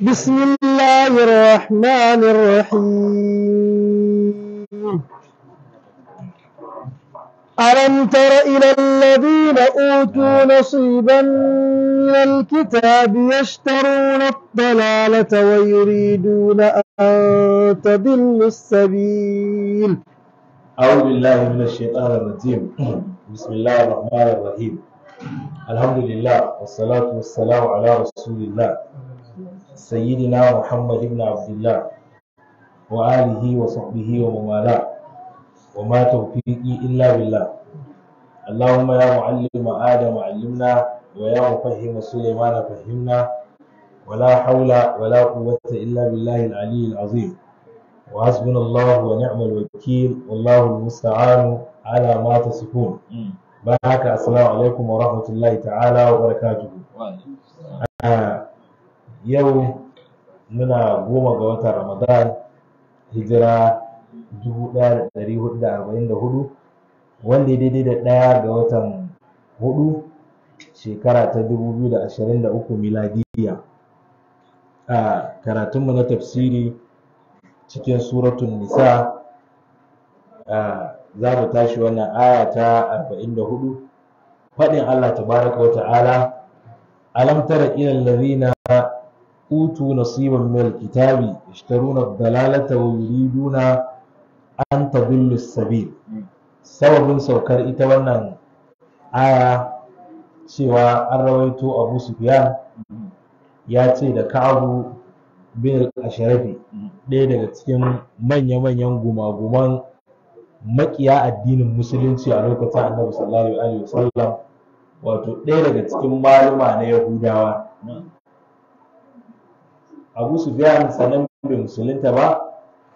بسم الله الرحمن الرحيم ألم تر إلى الذين أوتوا نصيبا من الكتاب يشترون الضلالة ويريدون أن تضلوا السبيل أعوذ بالله من الشيطان الرجيم بسم الله الرحمن الرحيم الحمد لله والصلاة والسلام على رسول الله سيدنا محمد بن عبد الله وآله وصحبه ومن والاه وما توفيقي إلا بالله اللهم يا معلم آدم علمنا ويا مفهم سليمان فهمنا ولا حول ولا قوة إلا بالله العلي العظيم وحسبنا الله ونعم الوكيل والله المستعان على ما تصفون بارك السلام عليكم ورحمة الله تعالى وبركاته آه yau muna goma ga watan ramadan hijira 1444 wanda ya daidai da ɗaya ga watan hudu shekara ta 2023 miladiya a karatunmu na tafsiri cikin suratun nisa za mu tashi wannan aya ta 44 faɗin allah tabaraka wa ta'ala alam tara ilal utu nasiban min alkitabi yashtaruna ad-dalalata wa yuriduna an tadillu sabil sababin saukar ita wannan aya cewa an rawaito Abu Sufyan ya ce da Ka'abu bin al-Ashrafi ɗaya daga cikin manya-manyan gumaguman makiya addinin musulunci a lokacin Annabi sallallahu alaihi wasallam wato ɗaya daga cikin maluma na Yahudawa abu su biya sanan bai musulunta ba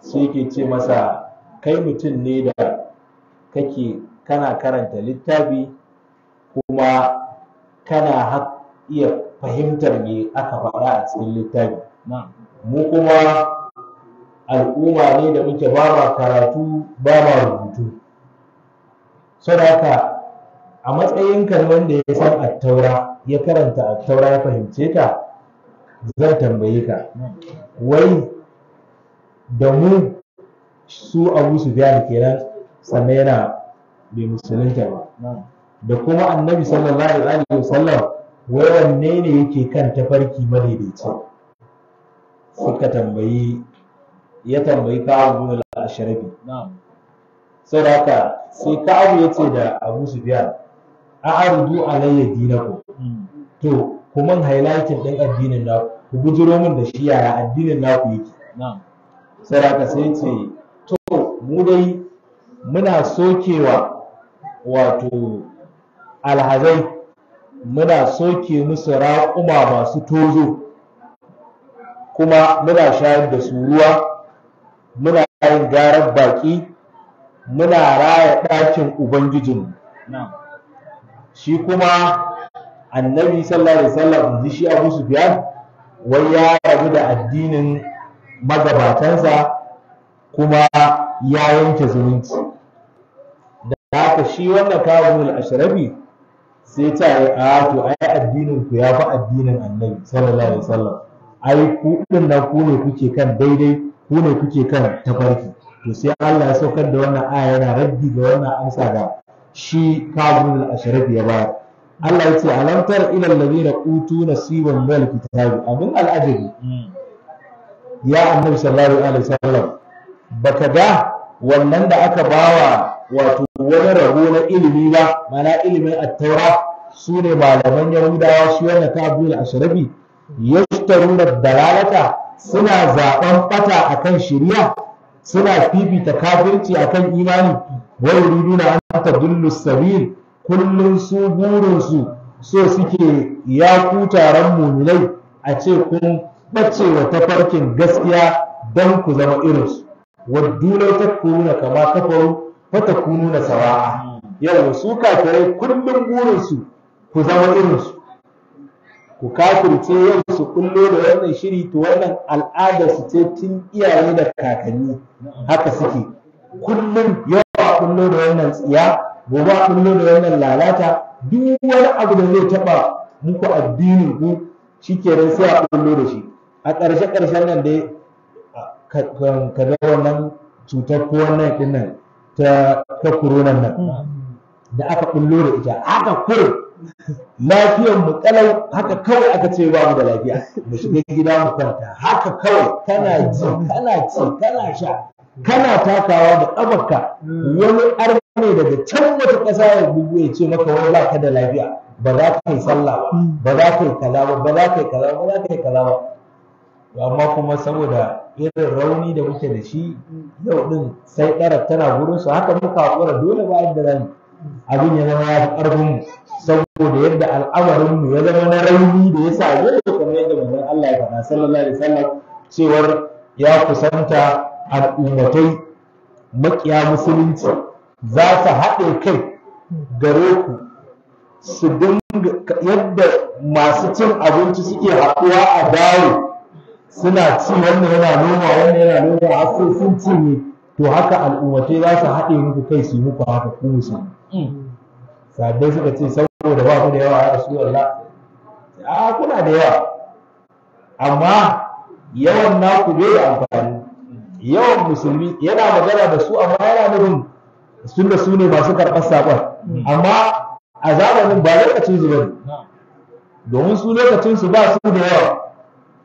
sai yake ce masa kai mutum ne da kake kana karanta littafi kuma kana iya fahimtar me aka faɗa a cikin littafi mu kuma al'umma ne da muke ba ma karatu ba ma rubutu saboda a matsayin kalman da ya san attaura ya karanta attaura ya fahimce ta zan tambaye ka wai da mu su abu su biya kenan sannan yana bai musulunta ba da kuma annabi sallallahu alaihi wasallam wai wanne ne yake kan tafarki madaidaici suka tambayi ya tambayi ka'abu bin al Sau saboda haka sai ka'abu ya ce da abu sufyan a'rudu alayya hmm. ku. to kuma highlighting din addinin naku ku bujiro min da shi yaya addinin naku yake saraka sai ce to mu dai muna sokewa wato alhazai muna soke musu raƙuma masu tozo kuma muna shayar da su ruwa muna yin garar baƙi muna raya ɗakin ubangijinmu shi kuma annabi sallallahu alaihi wasallam shi abu sufyan wai ya rabu da addinin magabatansa kuma ya yanke zumunci da haka shi wannan kawun al-ashrafi sai ta yi a to ai addinin ku ya fi addinin annabi sallallahu alaihi wasallam ai ku din nan ku ne kuke kan daidai ku ne kuke kan tafarki to sai Allah ya saukar da wannan aya yana raddi ga wannan amsa ga shi kawun al-ashrafi ya bayar Allah ya ce alamtar ilal ladina utu nasiban min alkitabi abin al'ajabi ya annabi sallallahu alaihi wasallam baka ga wannan da aka bawa wato wani rabo na ilimi ba mana ilimin at-taura sune malaman yahudawa su yana ka abdul ashrabi da dalalata suna zaben fata akan shirya suna fifita kafirci akan imani wa yuriduna an tadullu sabil kullum su burinsu so suke ya ku taron muminai a ce kun ɓace wa tafarkin gaskiya don ku zama irinsu ta lau na kama kafaru fa ta na sawa'a yau su kafirai kullum burinsu ku zama irinsu ku kafirce yau su kullo da wannan shiri to wannan al'adar su ce tun iyaye da kakanni haka suke kullum yawa kullo da wannan tsiya gobe a kullo da wannan lalata duk wani abu da zai taba muku addinin ku shikenan sai a kullo da shi a ƙarshe ƙarshen nan dai ka ga wannan cutar ko wannan din nan ta ta corona nan da aka kullo da ita aka kurin lafiyar mu kalau haka kawai aka ce ba mu da lafiya mu shiga gida mu kwanta haka kawai kana ji kana ci kana sha kana takawa da kafarka mm. wani ar ne daga can wata ƙasa ya bugu ya ce maka wani laka da lafiya ba za ka yi sallah ba za ka yi kaza ba za ka yi kaza ba za ka yi kaza ba amma kuma saboda irin rauni da muke da shi yau din sai ɗara tana gurin su haka muka haƙura dole ba yadda zan abin ya zama ya fi ƙarfin saboda yadda al'amarin mu ya zama na rauni da ya sa yau kuma yadda manzon Allah ya faɗa sallallahu alaihi wasallam cewar ya kusanta al'ummatai maƙiya musulunci za su haɗe kai gare ku su dinga yadda masu cin abinci suke haɗuwa a daro suna ci wannan yana noma wannan yana noma a sai sun ne to haka al'ummatai za su haɗe muku kai su yi muku haka ku musu sabbin suka ce saboda ba ku da yawa a rasulullah a kuna da yawa amma yawan naku bai da amfani yawan musulmi yana magana da su amma yana nufin sun da su ne masu karɓar saƙon hmm. amma a zamanin ba lokacin su bane domin su lokacin su ba su da yawa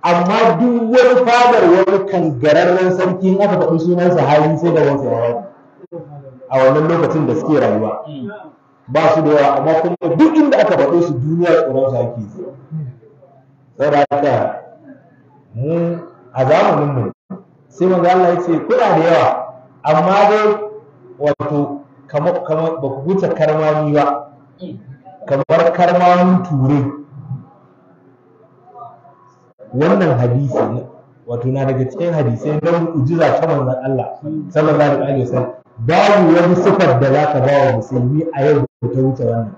amma duk wani fadar wani kangararren sarki in aka faɗi sunan hali sai da wasu yawa a wannan lokacin da suke rayuwa hmm. ba su da yawa amma kuma duk inda aka faɗi su duniya tsoron su ake saboda haka mu a zamanin mu sai manzo Allah ya ce kuna da yawa amma dai wato ba ku huta karmami ba kamar karmamin ture wannan hadisi ne wato na daga cikin hadisai na mu'jiza ta manzan Allah sallallahu alaihi wasallam babu wani sifar da ka ba wa musulmi a yau ta wuce wannan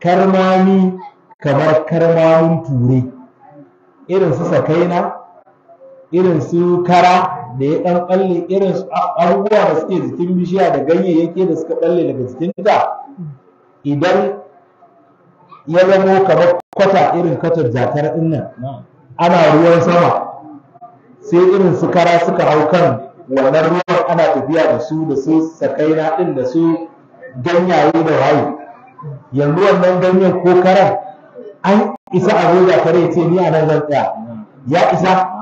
karmami kamar karmamin ture irin su sakaina irin su kara da ya ɗan ɓalle irin abubuwa da suke jikin bishiya da ganye ganyayyaki da suka ɓalle daga ta idan ya zamo kamar kwata irin katar jakar ɗin nan ana ruwan sama sai irin su kara suka hau kan wannan ruwan ana tafiya da su da su sakaina ɗin da su ganyaye da waye yanzu wannan ganyen ko karan an isa a ruwa kare ce ni a nan zan tsaya ya isa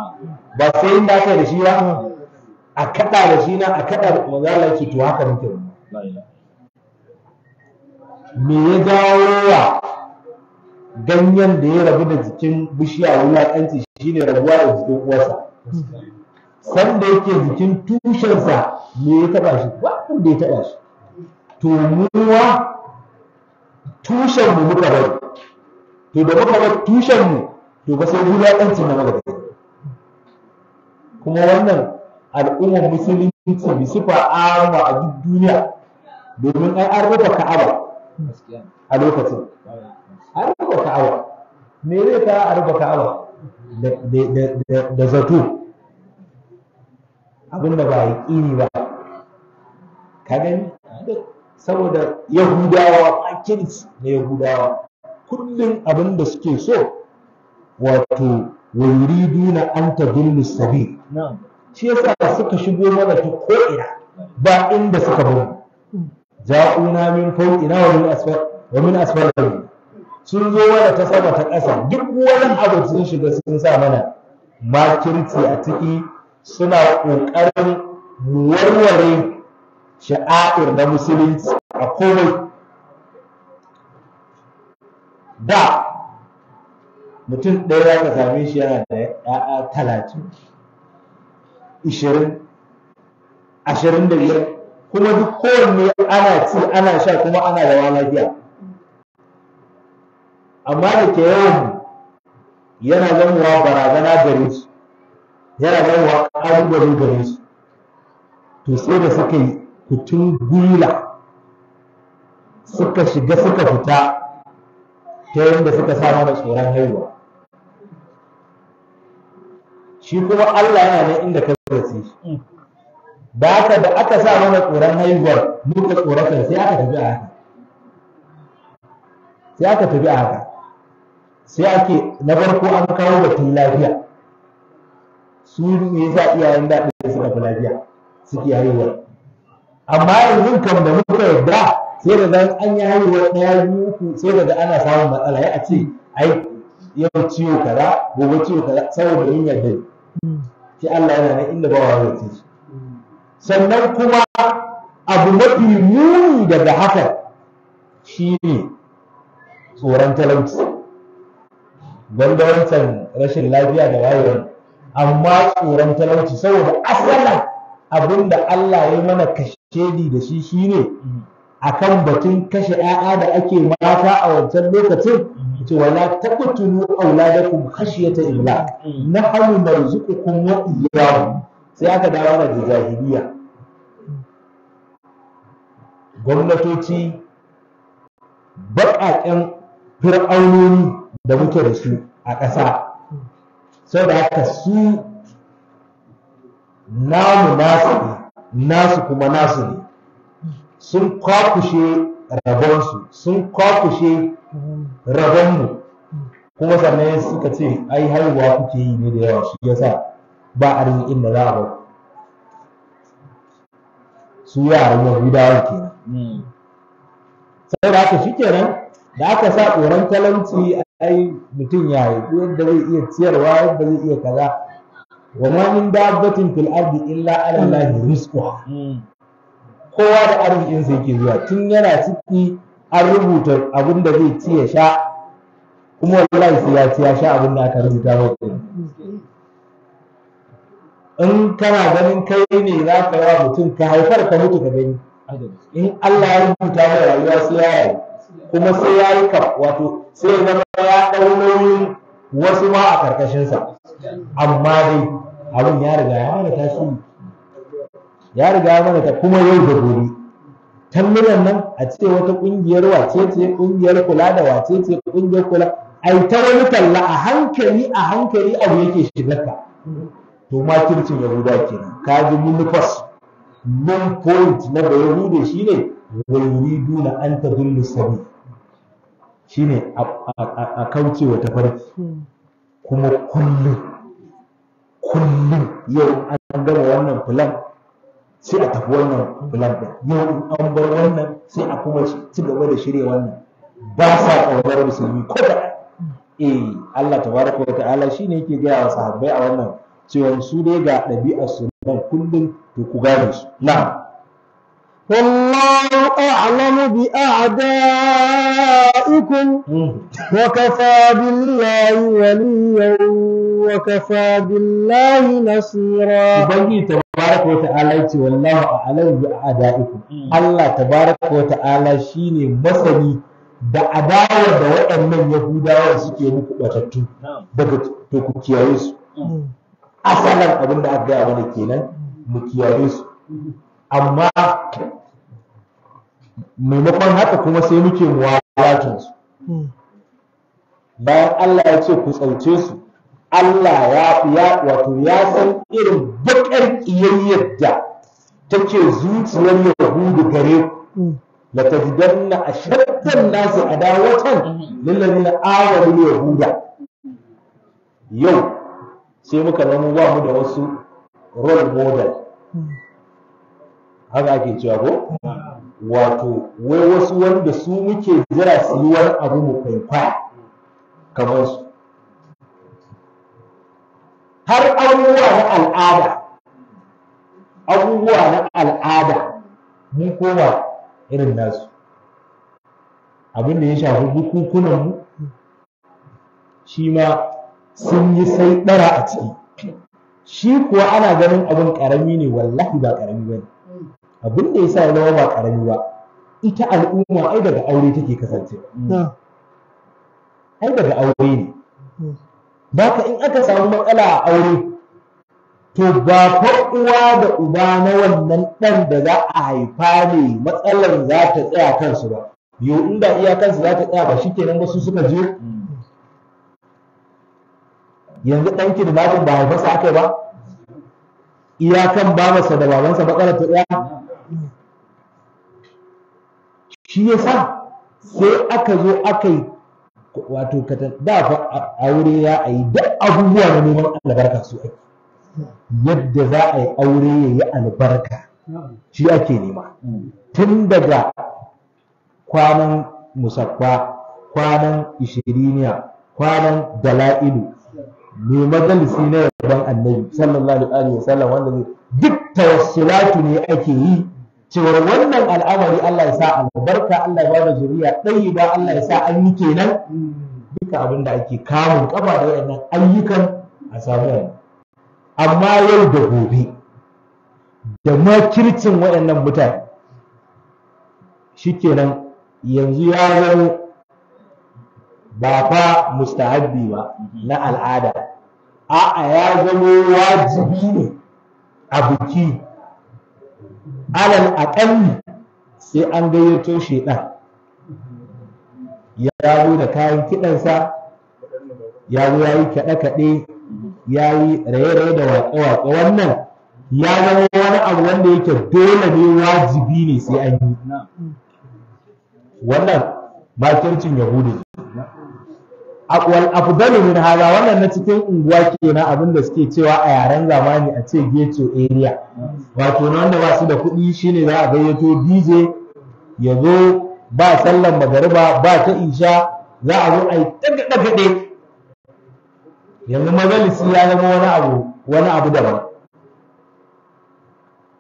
ba sai in aka yi da shi ba a kada da shi na a kada da manzo Allah yake to haka muke me ya jawo wa ganyen da ya rabu da jikin bishiya shi? shine rabuwa da jikin uwarsa sanda yake jikin tushensa me ya taba shi ba da ya taba shi to muwa tushen mu muka bari to da muka bar tushen mu to ba sai ɗancin na magana kuma wannan al'ummar musulunci bi sifa amma a duk duniya domin an arba ka'aba a lokacin Arba ka'aba me zai ka arba ka'aba da zato abinda ba yi ba ka gani saboda yahudawa makirci na yahudawa kullum abinda suke so wato wa yuriduna an tadullu sabil shi yasa suka shigo mana ta ko ina ba inda suka bari ja'una min min asfal wa min asfal sun zo mana ta sama ta ƙasa duk wani abu sun shiga sun sa mana makirci a ciki suna ƙoƙarin warware sha'a'ir na musulunci a komai da mutum ɗaya za ka same shi yana da ‘ya'ya talatin ishirin ashirin da biyar kuma duk kowanne ana ci ana sha kuma ana rawa lafiya amma da ke yawan yana zamowa barazana gare shi yana zamowa ƙalubale gare shi to sai da suka yi kutun gula suka shiga suka fita ta yadda suka sa mana tsoron haihuwa shi kuma Allah yana ne inda ka zace shi Ba mm. haka da aka sa mana tsoron haihuwar muka tsorata sai aka tafi a haka sai aka tafi a haka sai ake na farko an kawo batun lafiya su ne yasa iyayen da su fi lafiya suke haihuwar amma yanzu kam da muka yarda sai da zan an yi haihuwar ɗaya biyu uku sai da da ana samun matsala ya ce ai yau ciwo kaza gobe ciwo kaza saboda yin yadda. shi Allah yana nan inda bawa zai shi sannan kuma abu mafi muni daga haka shi ne tsoron talauci gwanda rashin lafiya da wayewar amma tsoron talauci saboda asalin abin da Allah ya mana kashedi da shi shine akan batun kashe 'ya'ya da ake mata a wancan lokacin ce wala taqtulu auladakum khashyata imlaq nahnu narzuqukum wa iyyahum sai aka dawo da jahiliya gwamnatoci baƙaƙen fir'aunoni da muke da su a ƙasa sau da haka su namu nasu nasu kuma nasu sun kwakushe rabonsu sun kwakushe rabonmu kuma sannan suka ce ai haihuwa kuke yi ne da yawa shi yasa ba arzikin da za a ba su yaran yahudawa kenan da aka shi kenan da aka sa tsoron talauci ai mutum ya yi yadda zai iya ciyarwa yadda zai iya kaza wa ma dabbatin fil ardi illa ala lahi rizquha kowa da arzikinsa yake zuwa tun yana ciki an rubuta abin da zai ci ya sha kuma wallahi sai ya ci ya sha abin da aka rubuta mai in kana ganin kai ne za ka yawa mutum ka haifar ka mutu ka gani in Allah ya rubuta mai rayuwa sai ya yi kuma sai ya yi ka wato sai ya zama ya ɗau nauyin wasu ma a ƙarƙashinsa amma dai abin ya riga ya wani tasiri ya riga mana ta kuma yau da gobe tammilan nan a ce wata ƙungiyar ce, ƙungiyar kula da wace ce, ƙungiyar kula ai ta wani talla a hankali a hankali abu yake ka to makircin yahuda nan ka ji munufas main point na da yahuda shine wani duna an ta dunni sabi shine a kauce wa tafarki kuma kullum kullum yau an gama wannan filan sai a tafi wannan blog ɗin yau in an bar wannan sai a kuma ci gaba da shirya wannan ba sa ƙaunar musulmi ko da eh Allah tabaraka wa ta'ala shine yake gaya wa sahabbai a wannan cewa su dai ga ɗabi'ar su nan kullum to ku gane su na'am والله أعلم بأعدائكم وكفى بالله وليا وكفى بالله نصيرا بني تبارك وتعالى والله أعلم بأعدائكم الله تبارك وتعالى شيني مصري da adawar da waɗannan Yahudawa suke muku ɓatattu daga to ku kiyaye su asalin abin da aka gaya mana kenan mu kiyaye su amma maimakon haka kuma sai muke muwalatinsu. Hmm. bayan Allah ya ce ku tsauce su Allah ya ya wato ya san irin bakar kiyayyar da take zuciyar Yahudu gare ku hmm. a tajidanna ashaddan nasi adawatan lil ladina awalul yahuda yau sai muka zama wa mu da wasu role model hmm. haka ake cewa ko wato wai wasu wanda su muke jira su yi wani abu mu kwaikwaya kamar su har abubuwa na al'ada abubuwa na al'ada mun koma irin nasu abin da ya shafi bukukunan mu shi ma sun yi sai ɗara a ciki shi kuwa ana ganin abin ƙarami ne wallahi ba ƙarami ba ne abin da yasa sa zama ba karami ba ita al'umma ai daga aure take kasance ai daga aure ne hmm. baka in aka samu matsala a aure to ba fa uwa da uba na wannan dan da za a haifa ne matsalar za ta tsaya kansu ba yo inda iyakansu za ta tsaya ba shi kenan ba su suka je yanzu ɗan kirmatin ba haifarsa aka ba iyakan ba masa da babansa matsalar ta tsaya shi sa sai aka zo aka yi wato da fa aure ya a yi duk abubuwa na neman albarka su ake yadda za a yi aure ya yi albarka shi ake nema tun daga kwanan musakwa kwanan ishiriniya kwanan dala'ilu mai majalisi na yaban annabi sallallahu alaihi wasallam wanda duk tawassulatu ne ake yi cewar wannan al'amari Allah ya sa albarka Allah ya ba da zuriya ɗayi ba Allah ya sa an yi kenan duka abin da ake kamun kafa da waɗannan ayyukan a samu amma yau da gobe da makircin waɗannan mutane shikenan yanzu ya zama ba fa mustahabbi ba na al'ada a'a ya zama wajibi ne a biki alal aƙalli sai an gayyato ɗan. ya dawo da kayan kiɗansa ya zo ya yi kaɗe-kaɗe ya yi raye-raye da waƙe-waƙe wannan ya zama wani abu wanda yake dole ne wajibi ne sai an yi wannan ya yahudu wal afdalu min hada wannan na cikin unguwa kenan abin da suke cewa a yaren zamani a ce ghetto area wato na wanda ba su da kuɗi shine za a gayyato DJ ya zo ba sallan magariba ba ta isha za a zo a yi tagaɗe yanzu majalisi ya zama wani abu wani abu daban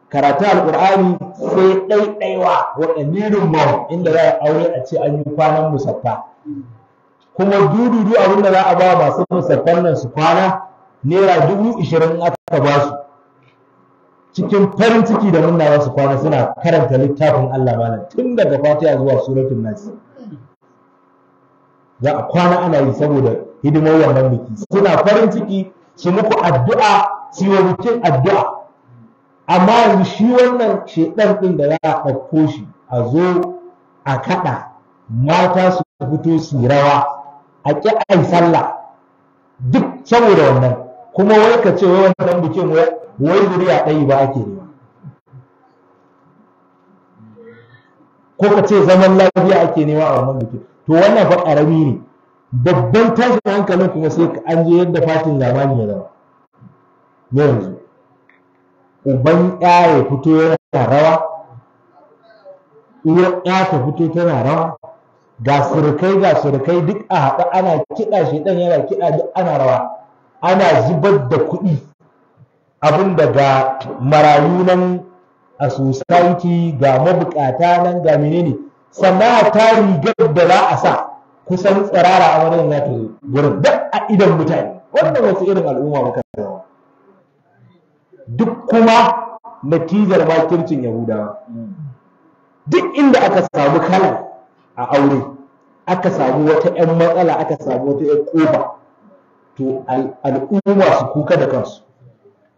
karatu alƙur'ani sai ɗaiɗaiwa wa ma inda za a aure a ce an yi kwanan musaffa kuma dududu abin da za a ba masu musaffan nan su kwana naira dubu ishirin aka ba su cikin farin ciki da nuna za kwana suna karanta littafin Allah malam tun daga fatiha zuwa suratul nasi. za a kwana ana yi saboda hidimar wannan biki suna farin ciki su muku addu'a su yi bikin addu'a amma yanzu shi wannan shedan din da za a ɗauko shi a zo a kaɗa mata su fito su rawa a ƙi a yi sallah duk saboda wannan kuma wai ka ce wai wannan bikin wai zuriya ɗayi ba ake ne ko ka ce zaman lafiya ake nema a wannan bikin to wannan fa ƙarami ne babban tashin hankalin kuma sai an je yadda fatin zamani ya zama yanzu uban ya fito yana rawa uwar ya ta fito tana rawa ga surukai ga surukai duk a haɗa ana kiɗa shi ɗan yana kiɗa duk ana rawa ana zubar da kuɗi abin da ga marayu nan a society ga mabukata nan ga menene sannan ta rigar da za a sa kusan tsirara a wani ta gurin duk a idan mutane wannan wasu irin al'umma muka zama duk kuma natijar makircin yahudawa duk inda aka samu kalan a aure aka samu wata 'yan matsala aka samu wata 'yan koba to al'umma su kuka da kansu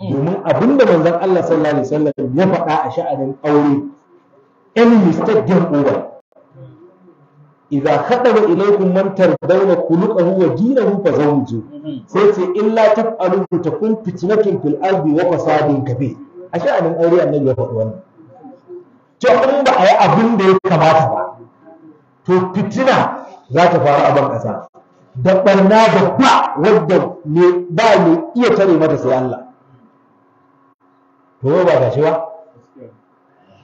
domin abin da manzon Allah sallallahu alaihi wasallam ya faɗa a sha'anin aure any mistake din koba idza khadaba ilaykum man tardawna khuluquhu wa dinahu fa zawju sai ce illa taf'alu takun fitnatun fil ardi wa fasadin kabir a sha'anin aure annabi ya faɗi wannan to in ba a yi abin da ya kamata ba to fitina za ta faru a ban ƙasa da ɓarna da ba wadda ba ne iya tare mata sai Allah to ba ga shi ba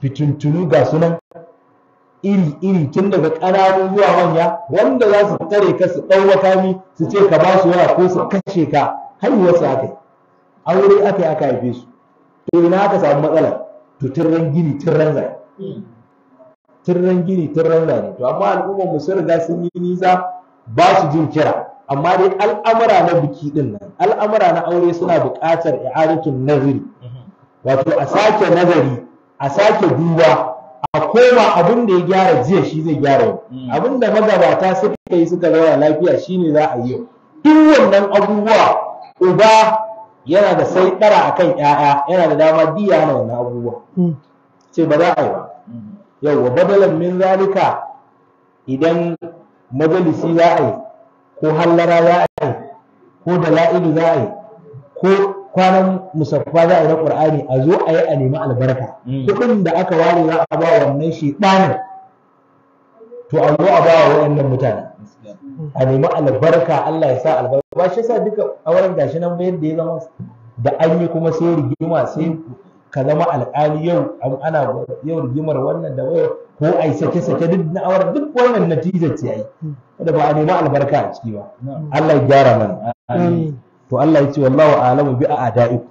fitintunu ga sunan iri-iri tun daga ƙananun zuwa manya wanda za su tare ka su ɗau makami su ce ka ba su yawa ko su kashe ka wasu aka yi aure aka yi aka haife su to ina aka samu matsala to tirren gini tirren tirran gini turren rani to amma al'ummar mu sun riga sun yi nisa ba su jin kira amma dai al'amura na biki din nan al'amura na aure suna buƙatar i'adatun nazari wato a sake nazari a sake duba a koma abin da ya gyara jiya shi zai gyara yau hmm. abin da magabata suka yi suka zauna lafiya shine za a yi yau wannan abubuwa uba yana da sai ɗara akan 'ya'ya yana da dama diya na wannan abubuwa hmm. ce ba za a yi ba yau wa badalan min zalika idan majalisi za a yi ko hallara za a yi ko Dala'ilu za a yi ko kwanan musaffa za a yi na qur'ani a zo a yi a nemi albarka mm. kuɗin da aka ware za a ba wannan shi to a zo a ba wa waɗannan mutane a nemi albarka Allah ya sa albarka ba shi sa duka auren gashi nan ba ya zama da an yi kuma sai rigima sai ka zama alƙali yau ana yau rigimar wannan da wayo ko ai sake sake duk na awar duk wannan natija ce ai da ba a nemi albarka a ciki ba Allah ya gyara mana to Allah ya ce wallahu a'lamu bi a'da'iku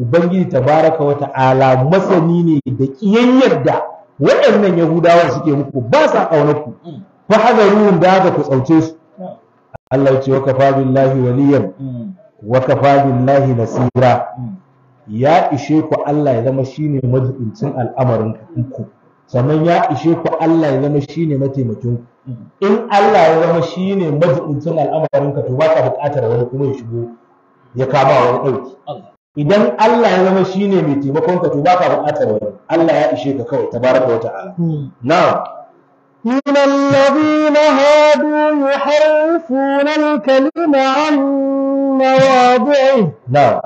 ubangiji tabaraka wa ta'ala masani ne da kiyayyar da waɗannan yahudawa suke muku ba sa ƙaunar ku fa hadaruhum da haka ku tsauce su Allah ya ce wa kafa billahi waliyan wa kafa nasira ya ishe ku Allah ya zama shine majibincin al'amarin ku sannan ya ishe ku Allah ya zama shine mataimakin ku in Allah ya zama shine majibincin al'amarin ka to ba ka buƙatar wani kuma ya shigo ya kama wani ɗauki idan Allah ya zama shine mai taimakon ka to ba ka buƙatar wani Allah ya ishe ka kawai tabaraka wa na'am من الذين هادوا يحرفون الكلم عن مواضعه نعم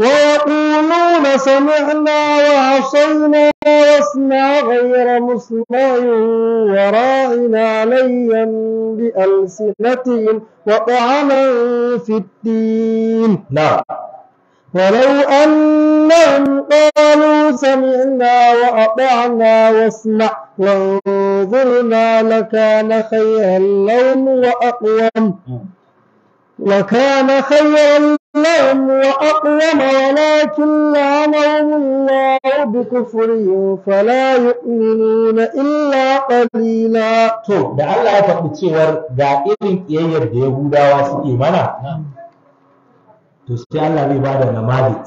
ويقولون سمعنا وعصينا واسمع غير مسمع وراعنا ليا بألسنتهم وطعنا في الدين نعم ولو أنهم قالوا سمعنا وأطعنا واسمع وانظرنا لكان خيرا لهم وأقوم وكان نعم. خيرا لهم وأقوم ولكن لعنهم الله بكفرهم فلا يؤمنون إلا قليلا to da Allah ya faɗi cewar ga irin ƙiyayyar da Yahudawa suke mana to sai Allah zai bada namalit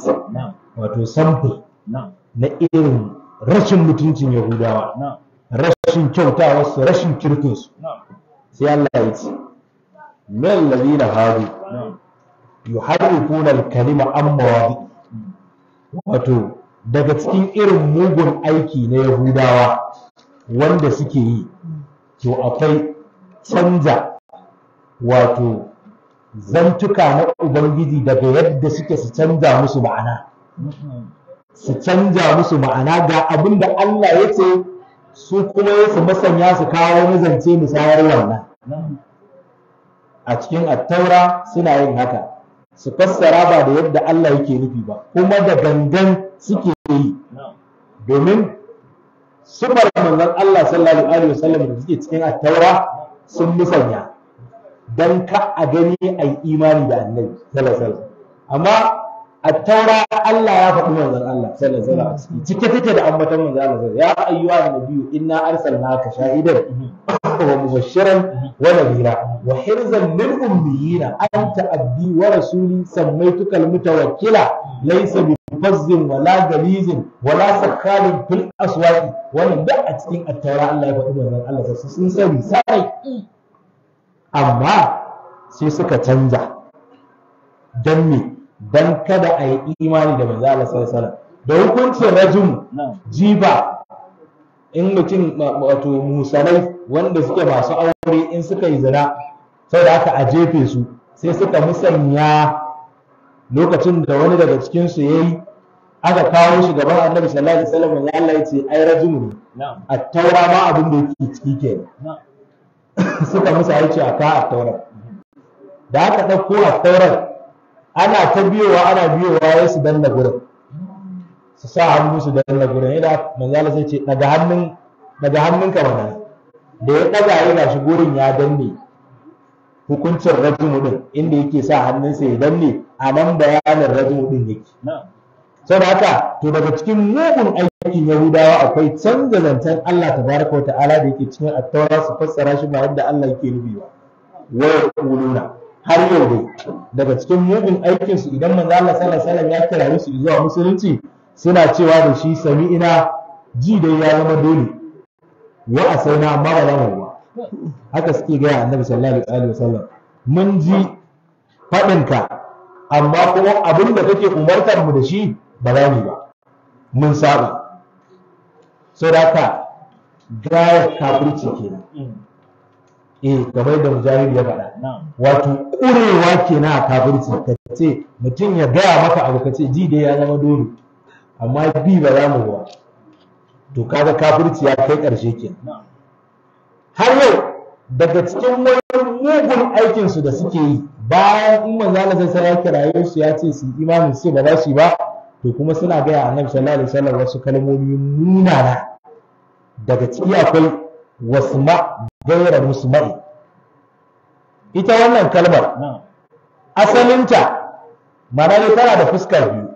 wato sample na irin rashin mutuncin Yahudawa rashin kyautawarsu rashin kirkinsu sai Allah ya ce mel ladina hadu يحرفون الكلمة عن an wato daga cikin irin mugun aiki na yahudawa wanda suke yi to akwai canza wato zantuka na ubangiji daga yadda suke su canza musu ma'ana su canza musu ma'ana ga abin da Allah ya ce su kuma ya su masanya su kawo mazance zance wannan a cikin attaura suna yin haka su fassara ba da yadda Allah yake nufi ba kuma da gangan suke yi domin sufar manzon Allah sallallahu alaihi wasallam da suke cikin attaura sun musanya dan ka a gani ai imani da annabi sallallahu alaihi wasallam amma attaura Allah ya faɗi manzon Allah sallallahu alaihi wasallam cike take da ambaton manzon Allah ya ayyuha nabiyyu inna arsalnaka shahidan ومبشرا ونذيرا وحرزا للأميين أنت أبدي ورسولي سميتك المتوكلة ليس بفز ولا جليز ولا سخال في الأسواق ولم أتكين التوراة الله يفعله الله سيسن سوي ساري أما سيسك تنزع دمي dan kada a yi imani da manzo Allah sallallahu alaihi wasallam da hukuncin rajum jiba in mutum wato musalai wanda suke masu aure in suka yi zina sai da aka a jefe su sai suka musanya lokacin da wani daga cikin su yayi aka kawo shi gaban annabi sallallahu alaihi wasallam ya Allah yace ai rajulu a taura ma abin da yake ciki ke suka musa yace a ka a taura da aka dauko a taura ana ta biyowa ana biyowa ya su danna gurin su sa hannu su danna gurin idan manzo Allah sai ce daga hannun daga hannunka mana da ya ɗaga ya gashi gurin ya danne hukuncin rajimu din inda yake sa hannunsa ya danne a nan bayanin rajimu din yake saboda haka to daga cikin mugun aikin yahudawa akwai canza zancen Allah tabaraka wa ta'ala da yake cikin attaura su fassara shi ba yadda Allah yake nufi ba wa yaquluna har yau dai daga cikin mugun aikin su idan manzo Allah sallallahu alaihi wasallam ya kira su zuwa musulunci suna cewa da shi sami ina ji dai ya zama dole wa a sauna mara ba haka suke gaya annabi sallallahu alaihi wasallam mun ji faɗinka amma kuma abin da kake umartar mu da shi ba za mu ba mun saba saboda gaya kafirci kenan eh kamar da mujahid ya faɗa wato ƙurewa kenan a kafirci ka ce mutum ya gaya maka abu ka ce ji dai ya zama dole amma bi ba za mu ba to kaga kafirci ya kai ƙarshe ke har yau daga cikin wani mugun aikin su da suke yi bayan in manzo Allah sai ya su ya ce su imani su ba za su ba to kuma suna gaya annabi sallallahu alaihi wasallam wasu kalmomi munana daga ciki akwai wasma gaira musma'i ita wannan kalmar asalinta ma'ana tana da fuska biyu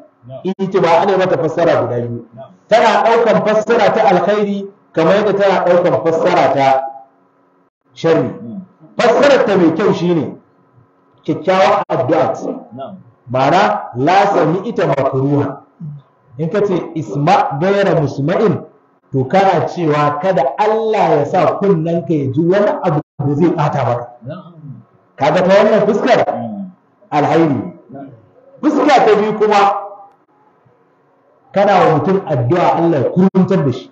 ita ba ne mata fassara guda biyu tana ɗaukar fassara ta alkhairi kamar yadda tana ɗaukar fassara ta sharri fassarar ta mai kyau shine kyakkyawan addu'a ma'ana la sami ita makruha in ka ce isma gaira musma'in to kana cewa kada Allah ya sa kunnen ka ya ji wani abu da zai bata maka kaga ta wannan fuskar hmm. alhairi fuska ta biyu kuma kana wa mutum addu'a Allah ya kuruntar da shi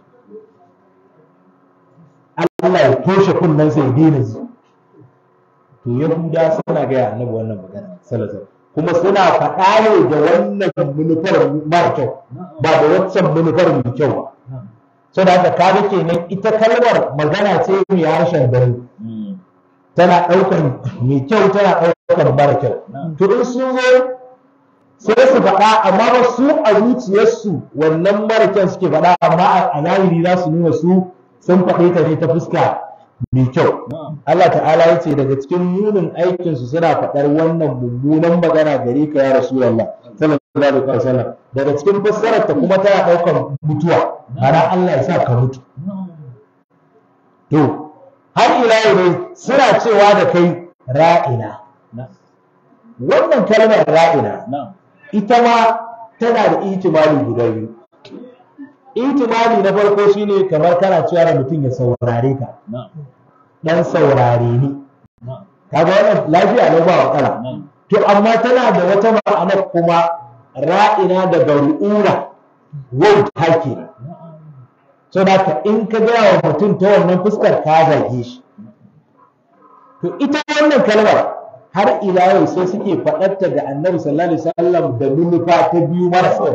Allah ya toshe kunnensa ya daina zai. to yahuda suna gaya annabi wannan magana sallallahu kuma suna faɗa ne da wannan manufar mara kyau ba da wancan manufar mai kyau ba so da haka kaga kenan ita kalmar magana ce mai harshen dare hmm. tana ɗaukar mai kyau tana ɗaukar mara kyau hmm. to in sun zo sai su faɗa amma ba su a zuciyarsu wannan maraken suke faɗa amma a zahiri za su nuna su sun faɗe ta ne ta fuska mai kyau Allah ta'ala ya ce daga cikin nunin aikinsu suna faɗar wannan mummunan magana gare ka ya rasu Allah. daga cikin fassarar ta kuma tana ɗaukar mutuwa mana Allah ya sa ka mutu to har ila yau suna cewa da kai ra'ina wannan kalmar ra'ina ita ma tana da itimali guda biyu Itimali na farko shine kamar kana cewa da mutum ya saurare ka dan saurare ni kaga wannan lafiya ne ba ƙara. to amma tana da wata ma'ana kuma ra'ina da barura wauta hake. so da in ka gaya wa mutum ta wannan fuskar ka zage shi to ita wannan kalmar har ila yau sai suke faɗarta da annabi sallallahu alaihi wasallam da nufa ta biyu marasa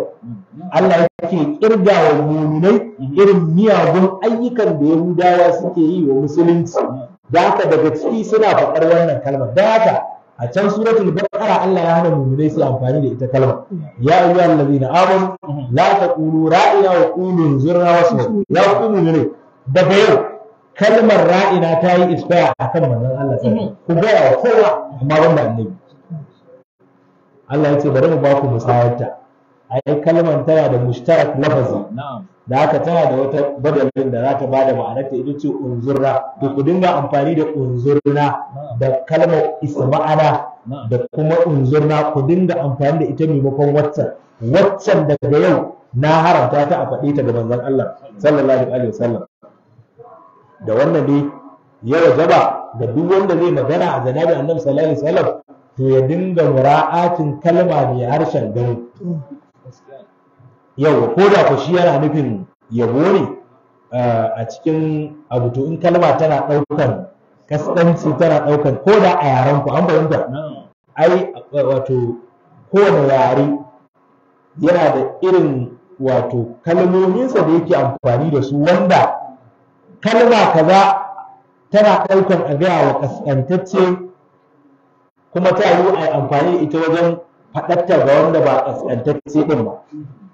Allah yake kirga wa muminai irin miyagun ayyukan da Yahudawa suke yi wa musulunci da haka daga ciki suna faɗar wannan kalmar da haka a can suratul baqara Allah ya hana muminai su amfani da ita kalmar ya ayyuhal ladina amanu la taqulu ra'iya wa qulu zurna wasu ya qulu ne daga yau kalmar ra'ina ta yi isbaya a kan manzon Allah ku gaya wa kowa amma ban da annabi Allah ya ce bari mu ba ku musayarta ai kalmar tana da mushtarak lafazi da haka tana da wata badalin da za ta ba da ma'anarta ita ce unzurra to ku dinga amfani da unzurna da kalmar isma'ana da kuma unzurna ku dinga amfani da ita maimakon waccan waccan daga yau na haramta ta a faɗi ta ga manzon Allah sallallahu alaihi wasallam da wannan dai ya wajaba da duk wanda zai magana a janabi annabi sallallahu alaihi wasallam to ya dinga mura'atin kalma mai harshen gani yau ko da ku shi yana nufin yabo ne eh, a cikin abu to in kalma tana ɗaukan kasɗanci tana ɗaukan ko da a yaren ku an fahimta ai wato kowane yare yana da irin wato kalmominsa da yake amfani da su wanda kalma kaza tana ɗaukar a gaya wa ƙasƙantacce kuma ta yi a amfani ita wajen faɗatta ga wanda ba ƙasƙantacce ɗin ba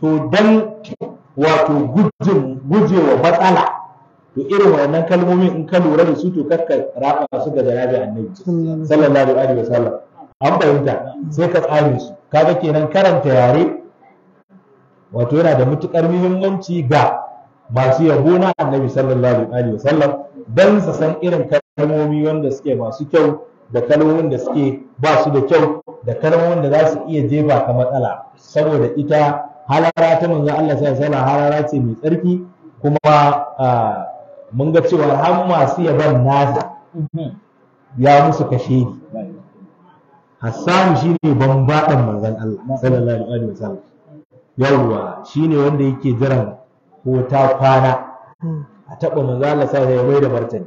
to don wato gujewa matsala to irin wannan kalmomin in ka lura da su to kakka raba su ga jarabi annabi sallallahu alaihi sallam. an fahimta sai ka tsare su kaga kenan karanta yare wato yana da matukar muhimmanci ga masu yabo na annabi sallallahu alaihi wasallam dan su san irin kalmomi wanda suke masu kyau da kalmomin da suke ba su da kyau da kalmomin da za su iya jefa ka matsala saboda ita halara ta manzo Allah sallallahu alaihi halara ce mai tsarki kuma mun ga cewa har masu yaban nasa ya musu kashe ni Hassan ne bambaɗan manzon Allah sallallahu alaihi wasallam yawwa shine wanda yake jiran ko ta kwana hmm. a taɓa manzo Allah sa ya mai da martani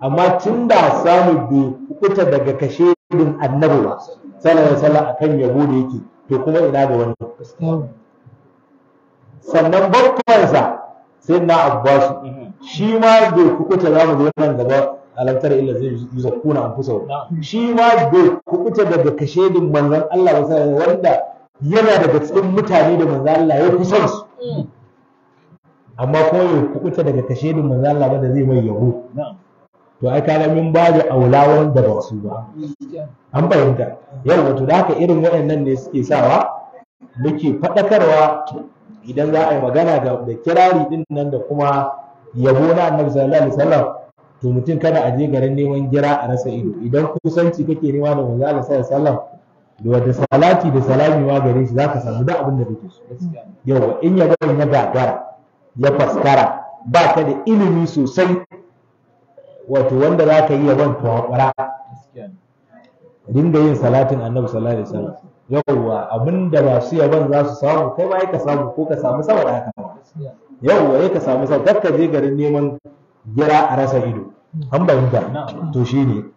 amma tun da samu bai kuɓuta daga kashe din annabi ba sallallahu alaihi a kan yabo da yake to kuma ina ga wani sannan bakkansa sai na abbas hmm. shi ma bai kukuta za mu zo nan gaba alantar illa zai yi zakuna an fusa shi ma bai kukuta daga kashe din manzon Allah ba wanda yana daga cikin mutane da manzon Allah ya kusa su hmm. amma ko ya kubuta daga tashe manzo Allah ba da zai mai yabo to ai kaga min ba da aula wanda ba su ba an fahimta yau wato da haka irin waɗannan ne suke sawa muke faɗakarwa idan za a yi magana da kirari din nan da kuma yabo na annabi sallallahu alaihi to mutum kada a je garin neman gira a rasa ido idan kusanci kake nema da manzo Allah sallallahu da wata salati da salami ma gare shi zaka samu da abin da kake so yau in yabo na gagara ya faskara ba ka da ilimi sosai wato wanda za ka yi yawan tawakura dinga yin salatin annabi sallallahu alaihi wasallam yawwa abinda masu yaban za su samu kai ma ka samu ko ka samu sama da haka yawwa ya ka samu sama ka je garin neman gira a rasa ido an bayyana to shine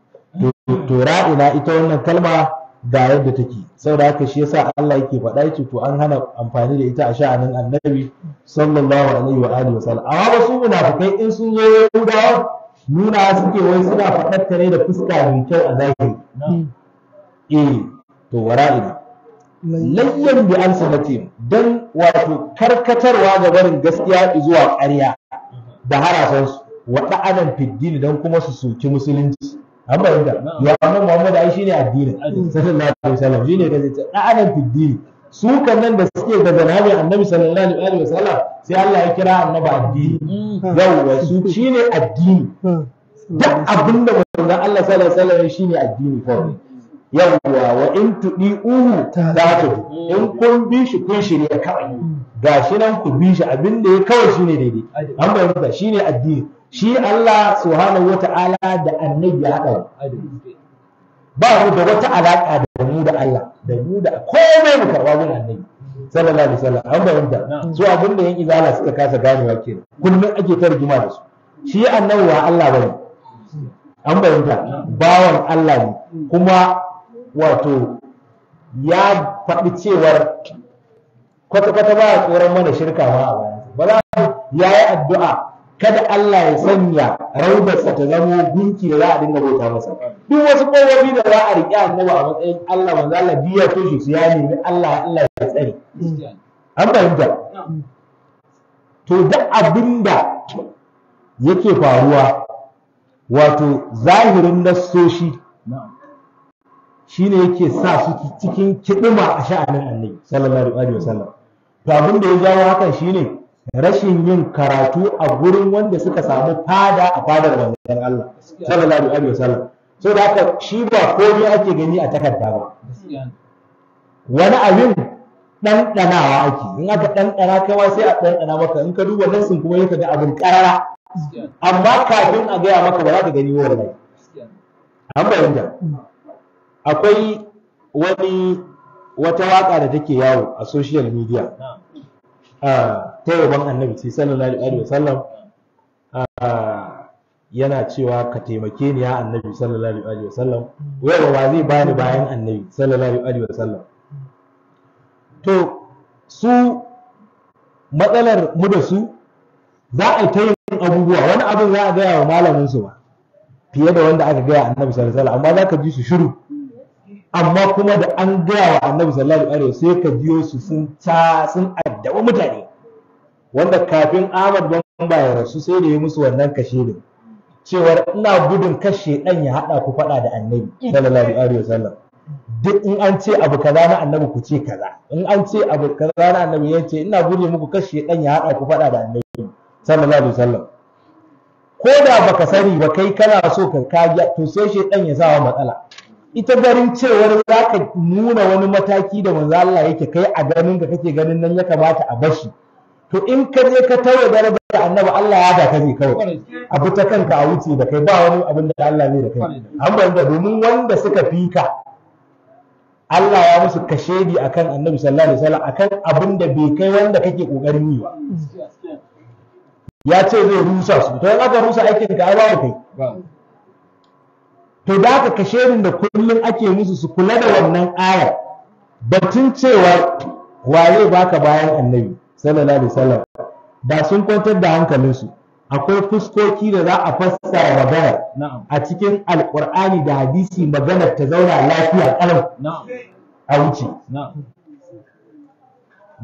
to ra'ina ita wannan kalma ga yadda take saboda haka shi yasa Allah yake faɗa yake to an hana amfani da ita a sha'anin annabi sallallahu alaihi wa alihi wasallam amma wasu munafikai in sun zo da nuna suke wai suna faɗar ta ne da fuska mai kyau a zahiri hmm. eh to wara'ina layyan bi alsanatin dan wato karkatarwa ga barin gaskiya zuwa ƙarya da harasansu wa da'anan fiddini dan kuma su soki musulunci an bayyana ya annabi Muhammad ai shine addinin sallallahu alaihi wasallam shine kace da anan fiddini su nan da suke da zanali annabi sallallahu alaihi wasallam sai Allah ya kira annabi addini mm. yawwa su shine addini hmm. duk abinda manzon Allah sallallahu alaihi wasallam shine addini kawai yawwa wa in tudi uhu tatu mm. in kun bi shi kun shirya kawai gashi nan ku bi shi abinda ya kawai shine daidai an bayyana shine addini shi Allah subhanahu wata'ala da annabi ya ba mu da wata alaƙa da mu da Allah da mu da komai mu karwa mun annabi sallallahu alaihi wasallam an bayyana so abin da yan izala suka kasa wa kenan kullum ake ta rigima da su shi annabi wa Allah bane an bayyana bawan Allah ne mm. kuma wato ya faɗi cewar kwata-kwata ba a tsoron mana shirka ba a bayan ba za ya yi addu'a kada Allah ya sanya raudarsa ta zama gunki da za a dinga bauta masa duk wasu kowabi da za a riƙe annabi a matsayin Allah manzo Allah biya to shi ya nemi Allah Allah ya tsare an bayyana to duk abinda yake faruwa wato zahirin nassoshi shine yake sa su cikin kidima a sha'anin annabi sallallahu alaihi wasallam to abinda ya jawo hakan shine rashin yin karatu a gurin wanda suka samu fada a fadar manzon Allah sallallahu alaihi wasallam so da haka shi ba komai ake gani a takarda ba wani abin ɗanɗanawa ake in aka ɗanɗana kawai sai a ɗanɗana maka in ka duba nan sun kuma yaka ga abin ƙarara amma kafin a gaya maka ba za ka gani wallahi an bayyana akwai wani wata waka da take yawo a social media uh, ta yaban annabi ce sallallahu alaihi wa sallam yana cewa ka taimake ni ya annabi sallallahu alaihi wa sallam wai wa zai bani bayan annabi sallallahu alaihi wa sallam to su matsalar mu da su za a ta yin abubuwa wani abin za a gaya wa malamin su ba fiye da wanda aka gaya annabi sallallahu alaihi amma za ka ji su shiru amma kuma da an gaya wa annabi sallallahu alaihi sai ka biyo su sun ta sun addabi mutane wanda kafin Ahmad Bamba ya rasu sai da ya musu wannan kashe ne cewar ina gudun kashe dan ya hada ku fada da annabi sallallahu alaihi wasallam duk in an ce abu kaza na annabi ku ce kaza in an ce abu kaza na annabi ya ce ina gudun muku kashe dan ya hada ku fada da annabi sallallahu alaihi wasallam ko da baka sani ba kai kana so ka kage to sai shi dan ya sawa matsala ita garin cewar za ka nuna wani mataki da manzo Allah yake kai a ganin da kake ganin nan ya kamata a bashi to in ka je ka tauye darajar annabi Allah ya da ka ne kawai a bi ta kanka a wuce da kai ba wani abin da Allah ne da kai an da domin wanda suka fi ka Allah ya musu kashedi akan annabi sallallahu alaihi wasallam akan abin da bai kai wanda kake kokarin yi ba ya ce zai rusa su to in aka rusa aikin ka ai babu kai to da aka kashe da kullum ake musu su kula da wannan ayar batun cewa waye baka bayan annabi sallallahu alaihi wasallam ba sun kwantar da hankalinsu akwai fuskoki da za a fassara magana a cikin alkur'ani da hadisi maganar ta zauna lafiya kalau a wuce na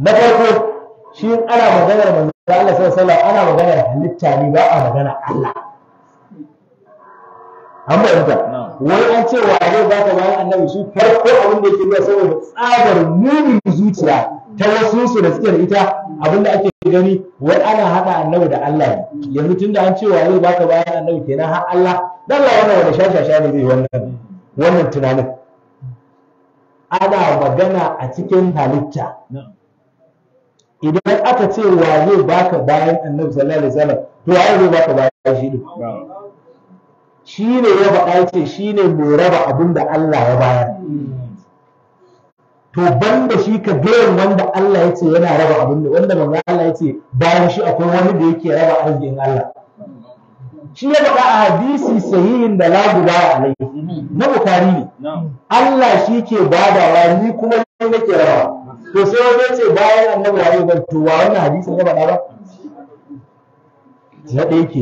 farko shi ana maganar manzo Allah sallallahu alaihi ana maganar halitta ne ba a magana Allah an bayyana wai an ce wa zai ba ka bayan annabi shi farko abin da yake biya saboda tsabar mumin zuciya ta wasu su da suke da ita abin da ake gani wai ana haɗa annabi da Allah yanzu tun da an ce wa zai baka bayan annabi kenan har Allah dan Allah wannan wani shashasha ne zai wannan wannan tunanin ana magana a cikin halitta idan aka ce wa zai baka bayan annabi sallallahu alaihi wasallam to wa zai baka bayan shi din shi ne ya faɗa ce shi ne mai raba abin da Allah ya bayar to banda shi ka gayan wanda Allah ya ce yana raba abin da wanda manzo Allah ya ce bayan shi akwai wani da yake raba arzikin Allah shi ya faɗa a hadisi sahihin da la guda alaihi na bukari ne Allah shi ke badawa ni kuma ni nake rawa to sai wani ya ce bayan annabi waye ban to wa wannan hadisin ya faɗa ba na ɗaya ke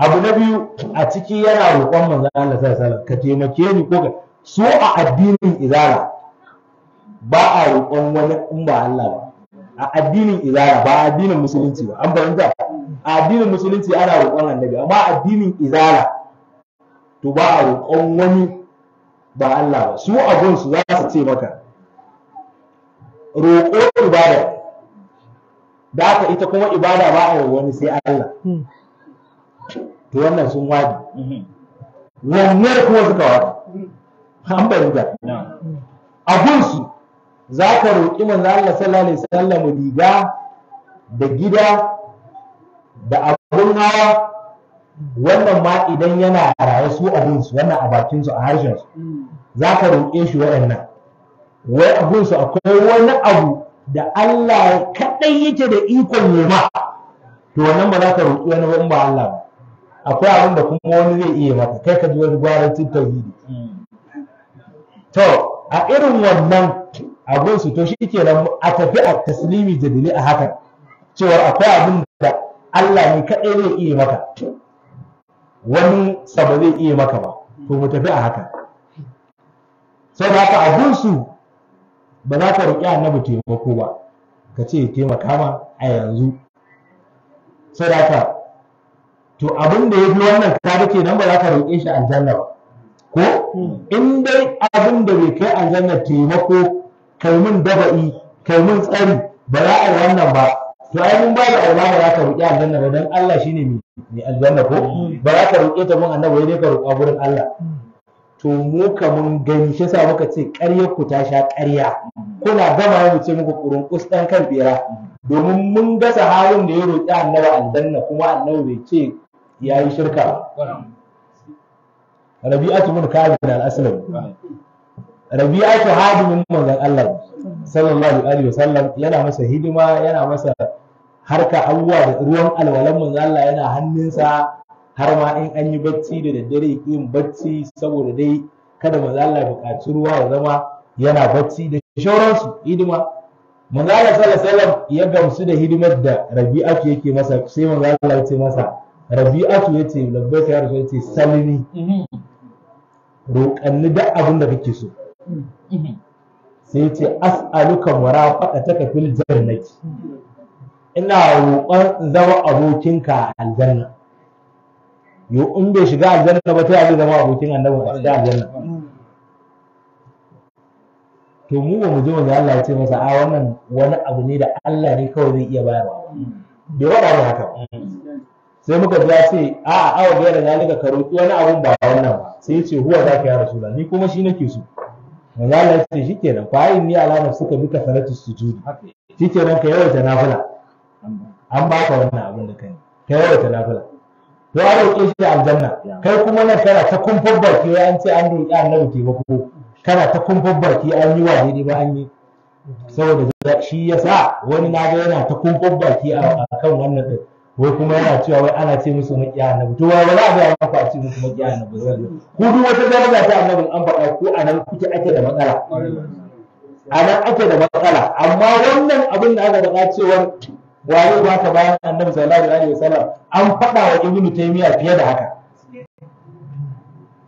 abu na biyu a ciki yana roƙon manzo Allah sallallahu alaihi wasallam ka taimake ni ko ka so a addinin izala ba a roƙon wani in ba Allah ba a addinin izara ba addinin musulunci ba an fahimta a addinin musulunci ana roƙon annabi amma addinin izara to ba a roƙon wani ba Allah ba su abun su za su ce maka roƙo ibada da haka ita kuma ibada ba a yi wani sai Allah hmm. to wannan sun wadi mhm. wannan kuma suka wadi hmm. an fahimta abun su za ka roƙi manzo Allah sallallahu alaihi wasallam riga da gida da abun hawa wannan ma idan yana raye su abun su wannan a bakin su a harshen su za ka roƙe shi waɗannan wai abun su akwai wani abu da Allah kaɗai yake da ikon nema to wannan ba za ka roƙi wani ba ba Allah ba akwai abin da kuma wani zai iya maka kai ka ji wani gwarantin tauhidi hmm. to a irin wannan abin su to shi kenan a tafi a taslimi jadili a hakan, cewar akwai abin da Allah ne kaɗai zai iya maka wani saba zai iya maka ba to mu tafi a hakan? sai da haka abun su ba za ka riƙe annabi taimako ba ka ce ya taimaka ma a yanzu sai da haka to abin da ya fi wannan kada kenan ba za ka roƙe shi aljanna ba ko hmm. in dai abin da bai kai aljanna taimako kai mun daba'i kai mun tsari ba za a wannan ba to ai mun ba da Allah ba za ka roƙi aljanna ba dan Allah shine mai aljanna ko ba za ka roƙe ta mun annabi sai dai ka roƙa gurin Allah to mu ka mun gani shi yasa muka ce ƙaryar ku ta sha ƙarya kuna gama mu ce muku kurun kusɗan kan bera domin mun ga halin da ya roƙi annabi aljanna kuma annabi bai ce ya shirka ba rabi'atu bin kalib al rabi'atu hadimin manzon Allah sallallahu alaihi wasallam yana masa hidima yana masa harka abubuwa da ruwan alwalan manzon Allah yana hannunsa har ma in an yi bacci da daddare yin bacci saboda dai kada manzon Allah ya buƙaci ruwa ya zama yana bacci da shauransu hidima manzon Allah sallallahu alaihi wasallam ya gamsu da hidimar da rabi'atu yake masa sai manzon Allah ya ce masa rabi'atu yace labbaika ya rasul yace salini mhm. roƙanni duk abin da kake so sai ce as'aluka ka fil jannati ina roƙon zama abokinka a aljanna yo in bai shiga aljanna ba ta zai zama abokin annabi ba shiga aljanna to mu ba mu ji wanda Allah ya ce masa a wannan wani abu ne da Allah ne kawai zai iya bayarwa bai wada mu haka sai muka ji ce a a awa bayar da zalika ka roƙi wani abun ba wannan ba sai ya ce huwa zaka ya rasula ni kuma shi nake so manzo Allah ya ce shikenan fa in ni alama suka bi kasaratu sujudi shikenan ka yawaita tanafula. an ba ka wannan abin da kai ka yawaita tanafula. to a roƙe shi da aljanna kai kuma nan kana ta kumfar baki wai an ce an roƙi annabi taimako kana ta kumfar baki an yi wa daidai ba an yi saboda shi yasa wani na ga yana ta kumfar baki a kan wannan din ko kuma yana cewa wai ana ce musu maƙiya annabi to wai ba za a ga maka a ce musu maƙiya annabi ko duk wata daraja ta annabi an faɗa ko a nan kuke ake da matsala a nan ake da matsala amma wannan abin da aka faɗa cewar waye ba ka bayan annabi sallallahu alaihi wasallam an faɗa wa ibnu taymiya fiye da haka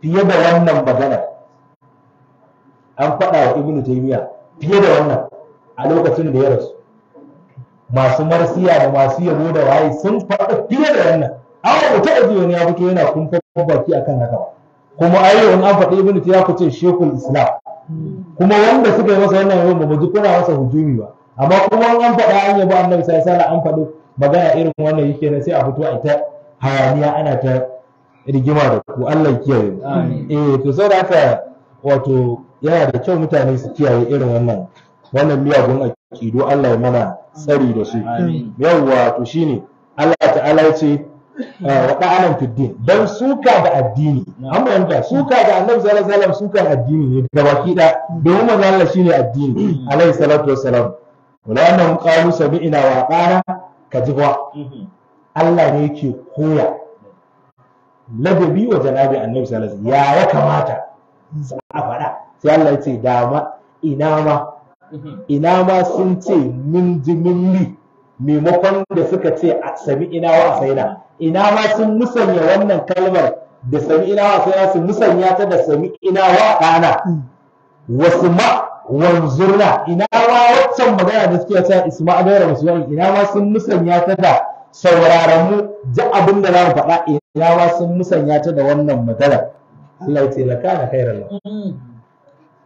fiye da wannan magana an faɗa wa ibnu taymiya fiye da wannan a lokacin da ya rasu masu marsiya da masu yabo da waye sun faɗi fiye da wannan amma mutum a wani ya fito yana kumfa baki akan haka ba kuma ayi in an faɗi ibnu tiya ku ce shekul islam kuma wanda suka yi masa wannan yawan ba ji kuna masa hujumi ba amma kuma an faɗa an yabo annabi sai sala an faɗi magana irin wannan yake na sai a fito a ita hayaniya ana ta rigima da ku Allah kiyaye eh to saboda haka wato yana da kyau mutane su kiyaye irin wannan wannan miyagun kido Allah ya mana tsari da su yawwa to shine Allah ta'ala ya ce ah, wa da'anan fiddin dan suka da addini an fahimta suka da annabi sallallahu alaihi suka addini ne ga baki da domin manzo Allah shine addini mm. alaihi salatu wassalam wala annahum qalu sami'na wa ata'na kajiba mm-hmm. Allah ne yake koya ladabi wa janabi annabi sallallahu alaihi ya ya kamata a faɗa sai Allah ya ce dama ina ma ina ma sun ce min ji min li maimakon da suka ce a sami ina wa saina ina ma sun musanya wannan kalmar da sami ina wa saina su musanya ta da sami ina wa kana wasu ma wanzurna ina ma waccan magana da suke cewa Isma'il da musulmi ina ma sun musanya ta da sauraron mu ji abin da za mu faɗa ina ma sun musanya ta da wannan magana Allah ya ce lakana khairan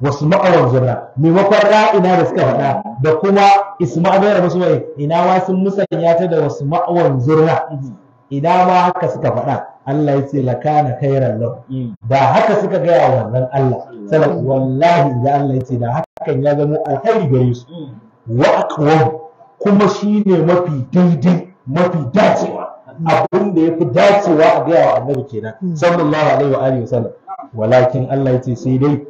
wasu ma'awar zurra maimakon ra'ina da suka faɗa da kuma isma'awar da musu ina ma sun musanya ta da wasu ma'awar zurra ina ma haka suka faɗa Allah ya ce lakana khairan lahu da haka suka gaya wannan Allah sallallahu wallahi da Allah ya ce da hakan ya zama alkhairi gare su wa aqwam kuma shine mafi daidai mafi dacewa abin da yafi dacewa a gaya wa annabi kenan sallallahu alaihi wa alihi wasallam walakin Allah ya ce sai dai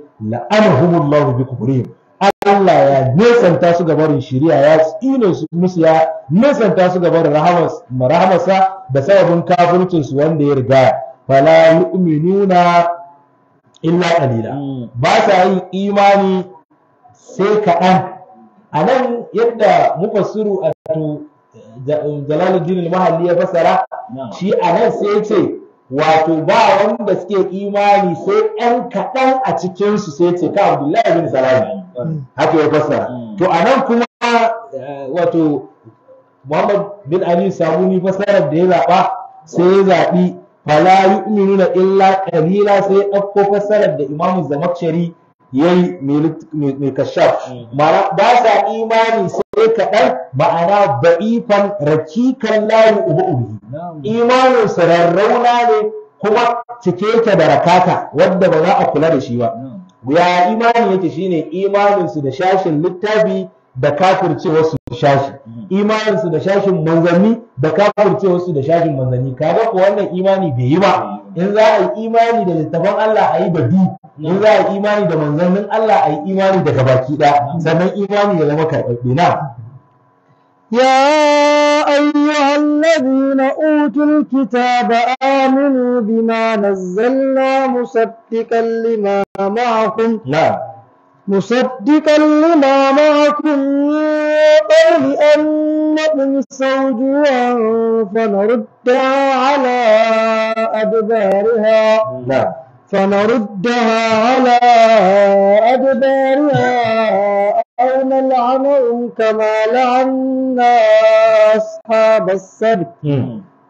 Allah bi kufrihim Allah ya nesanta su ga barin shari'a ya tsine su musu ya nesanta su ga barin rahamarsa da sababin kafircin su wanda ya riga fala yu'minuna illa qalila hmm. ba sa yin imani sai kaɗan a nan yadda mufassiru a to jalaluddin al-mahalli ya fasara, shi a nan sai ya ce wato ba wanda suke imani sai ɗan kaɗan a cikinsu sai ce ka abdullahi bin salami haka ya fasa mm. to a nan kuma eh, wato muhammad bin ali ni fasarar da ya zaɓa sai ya zaɓi fala yu'minuna illa ƙalila sai ya ɗauko fasarar da imamu zamakshari yi mai kashaf mm. ba sa imani ɗaya kaɗan ma'ana ba'ifan rakikan layi uba ubi imanin sararrauna ne kuma cike yake da rakaka wanda ba za a kula da shi ba ya imani yake shine imanin su da shashin littafi da kafircewa su shashi imanin su da shashin manzanni da kafircewa su da shashin manzanni kaga ko wannan imani bai yi ba in za a yi imani da littafin Allah a yi badu mun za a imani da manzannin Allah a yi imani daga baki ɗaya sannan imani ya zama karɓaɓɓe na. Ya ayyuhal hallazina utul kitaba aminu bima nazzalna musaddiqan lima ma'akum. Na. Musaddiqan lima ma'akum ɓarbi an naɗin saujuwa fa narudda ala adbariha. Na. فنردها على أدبارها أو نلعنهم كما لعنا أصحاب السبت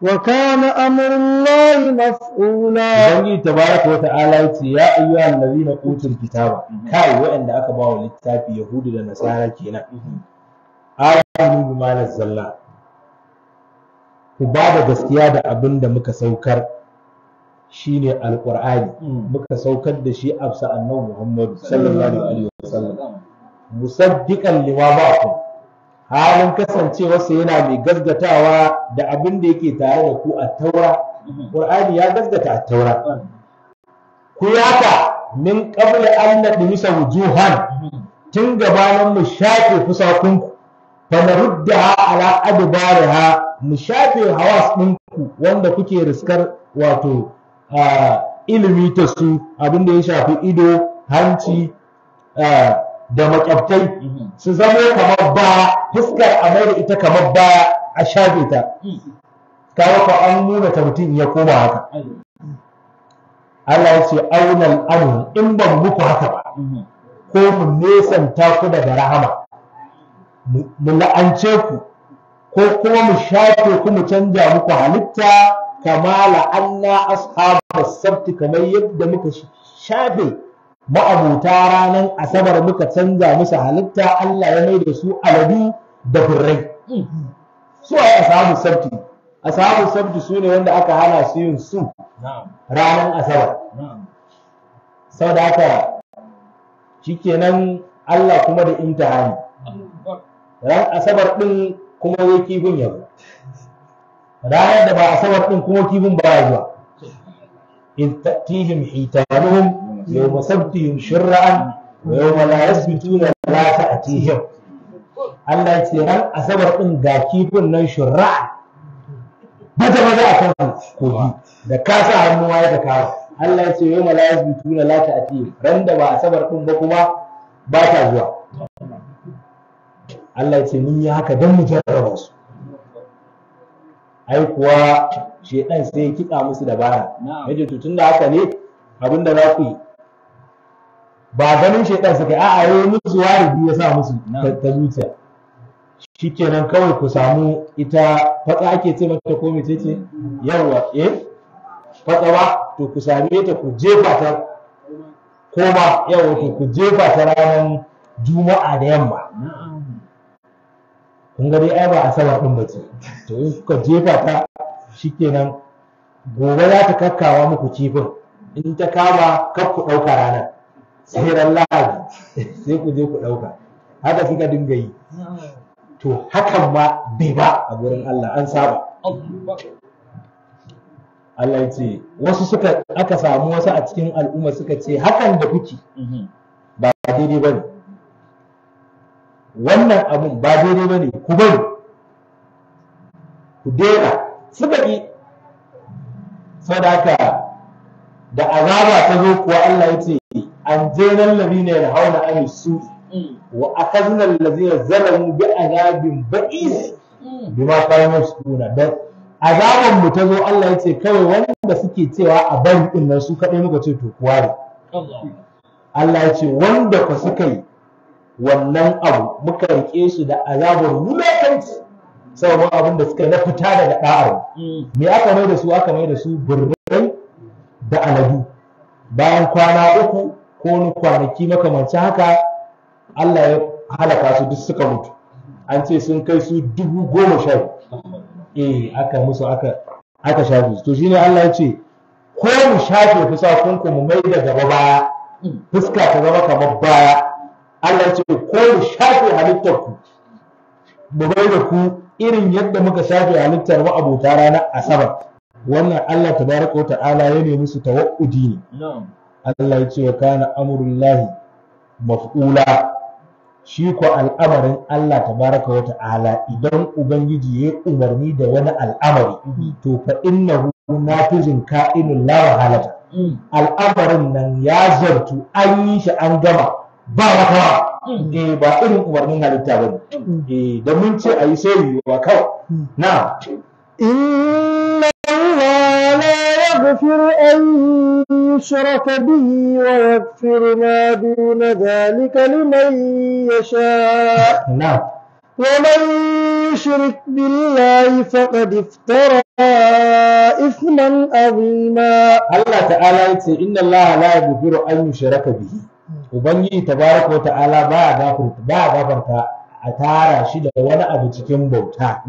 وكان أمر الله مفعولا بني تبارك وتعالى يا أيها الذين أوتوا الكتاب كاي وإن أكبر للتاب يهود لنسارة كينا آمنوا آية بما نزل الله ba da أبندا مكسوكر shine alqur'ani hmm. muka saukar da shi a sa'annan muhammadu sallallahu alaihi wasallam musaddiqan lima ba'akum halin kasancewarsa yana mai gasgatawa da abin da yake tare da ku a taura ƙur'ani hmm. ya gasgata a taura hmm. ku yaka min qabla an nadmisa wujuhan tun gabanin mu shafe fusakunku fa naruddaha ala adbariha mu shafe hawas ɗinku wanda kuke riskar wato ilimi ta su abin da ya shafi ido hanci da makyabtai mhm. su zama kamar ba fuskar a mai da ita kamar ba a shafe ta kawo mhm. ka an nuna ta mutum ya koma haka Allah ya ce aunan anu in ban muku haka ba mhm. ko mu nesanta ku daga rahama mu la'ance ku ko kuma mu shafe ku mu canja muku halitta Allah la'anna da sabti kamar yadda muka shafe ma'abuta ranar asabar muka canza musu halitta Allah ya mai da su aladu da furrai su a ashabar sabti ashabar sabti su ne wanda aka hana su yin su ranar asabar sau da haka shikenan Allah kuma da imtihani ran asabar ɗin kuma yake kifin yabo ranar da ba asabar ɗin kuma kifin ba zuwa in tatihim hitanuhum yawma sabtihim shur'an wa yawma la yasbituna la ta'tihim Allah ya ce ran asabar ɗin ga kifin nan shur'an maza maza a kan kogi da ka sa hannu waye da kawo Allah ya ce yawma la yasbituna la ta'tihim ran da ba asabar ɗin ba kuma ba ta zuwa Allah ya ce mun yi haka don mu jarraba su ai kuwa shedan sai ya kiɗa musu da baya yace to tunda haka ne abinda za ku yi ba ganin shedan suka a'a yi musu biyu ya sa musu ta zuciya shikenan kawai ku samu ita fatsa ake ce mata ko mece ce yawa eh fatsa ba to ku sami ta ku jefa ta ba yawa ku jefa ta ranar juma'a da yamma kun ga dai ai ba asabar din ba ce to in kuka jefa ta shikenan gobe za ta kakkawa muku kifin in ta kama kar ku ɗauka ranar sai ran lahadi sai ku je ku ɗauka haka kika dinga yi to hakan ma bai ba a gurin Allah an saba Allah ya ce wasu suka aka samu wasu a cikin al'umma suka ce hakan da kuke mhm. ba daidai ba ne wannan abun ba daidai ba ne ku bari ku daina su baƙi. Sadaka da azaba ta zo kuwa Allah ya ce an je nan labi ne da hauna an su mm. wa akazna allazina zalamu bi azabin ba'is mm. bima kanu sukuna dan azaban mu ta zo Allah ya ce kawai wanda suke cewa a bari ɗin nan su kaɗai muka ce to kuwa Allah ya ce wanda ku suka yi wannan abu muka rike su da azabar wulakanci saboda abin da suka na fita daga da'ar me aka mai da su aka mai da su birrai da aladu bayan kwana uku ko kwanaki makamanci haka Allah ya halaka su duk suka mutu an ce sun kai su dubu goma sha eh aka musu aka aka shafe su to shine Allah ya ce ko mu shafe fusakunku mu mai da gaba baya fuska ta zama kamar baya Allah ce ko mu shafe halittar ku mu bai da ku irin yadda muka shafe halittar wa abota ranar asabar wannan Allah tabaraka wa ta'ala ya nemi su tawakkudi ne Allah ya ce wa kana amrullahi maf'ula shi ko al'amarin Allah tabaraka wa ta'ala idan ubangiji ya umarni da wani al'amari mm-hmm. to fa innahu nafizin ka'inul la halata mm. al'amarin nan ya zartu an yi shi an gama ba makawa eh mm. ba irin umarnin halitta ba mm. eh da mun ce ayi sai wa kawai mm. na inna allaha la yaghfiru an yushraka bihi wa yaghfiru ma duna dhalika liman yasha na ومن يشرك بالله فقد افترى إثما عظيما الله تعالى يقول إن الله لا يغفر أن يشرك به ubangiji tabaraka wa ta'ala ba gafarta ba gafarta a tara shi da wani abu cikin bauta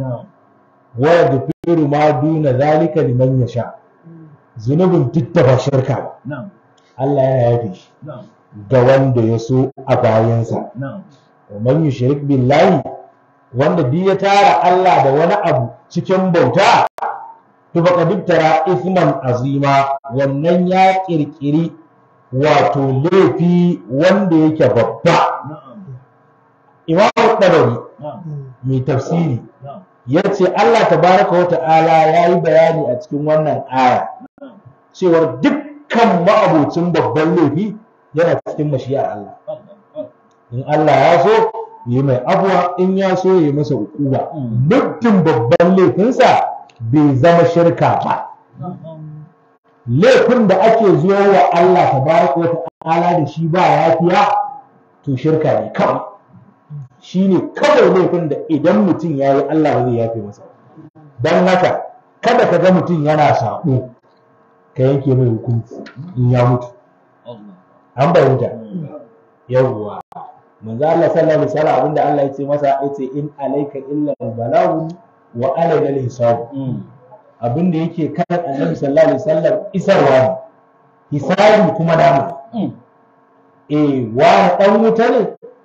da firu ma duna zalika liman sha, zunubin ba shirka ba Allah ya yafe shi ga wanda ya so a bayansa wa man yushrik billahi wanda duk ya tara Allah da wani abu cikin bauta to duk tara isman azima wannan ya kirkiri wato laifi wanda yake babba imamu ɗarari mai tafsiri ya ce Allah baraka wa ta'ala ya yi bayani a cikin wannan aya cewar dukkan ma'abocin babban laifi yana cikin a Allah in Allah ya so yi mai abuwa in ya so yi masa ukuba muddin babban laifinsa bai zama shirka ba laifin da ake zuwa wa Allah ko ta ala da shi ba yafiya to shirka ne kawai ne kawai laifin da idan mutum ya yi, Allah zai yafe masa Don haka kada ka ga mutum yana sako ka yanke mai hukunci in ya mutu an bayyana yawwa manzo Allah sallallahu alaihi wasallam abinda Allah ya ce masa yace in alayka illa al-balagh wa alayna al-hisab mm. abin da yake kan annabi sallallahu alaihi wasallam isarwa hisabi kuma dama. Hmm. eh wa dan wuta ne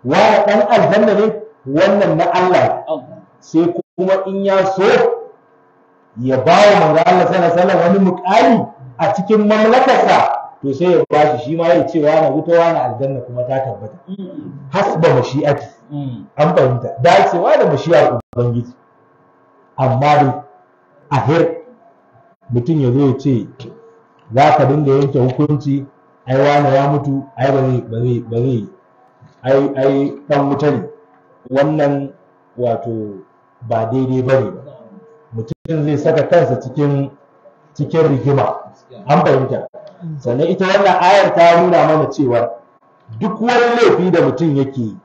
wa dan aljanna ne wannan na Allah oh. sai kuma in ya so ya ba wa manzo Allah sallallahu alaihi wasallam wani mukali a cikin mamlakarsa to sai ya bashi shi ma ya ce wani wuta wani aljanna kuma ta tabbata hmm. hasba mashi'ati hmm. an fahimta dacewa da mashi'ar ubangiji amma dai ahir mutum ya zo ya ce za ka dinga yanke hukunci ai wani ya mutu ai ba zai ai ai dan wannan wato ba daidai ba ne mutum zai saka kansa cikin cikin rigima an fahimta sannan ita wannan ayar ta nuna mana cewa duk wani laifi da mutum yake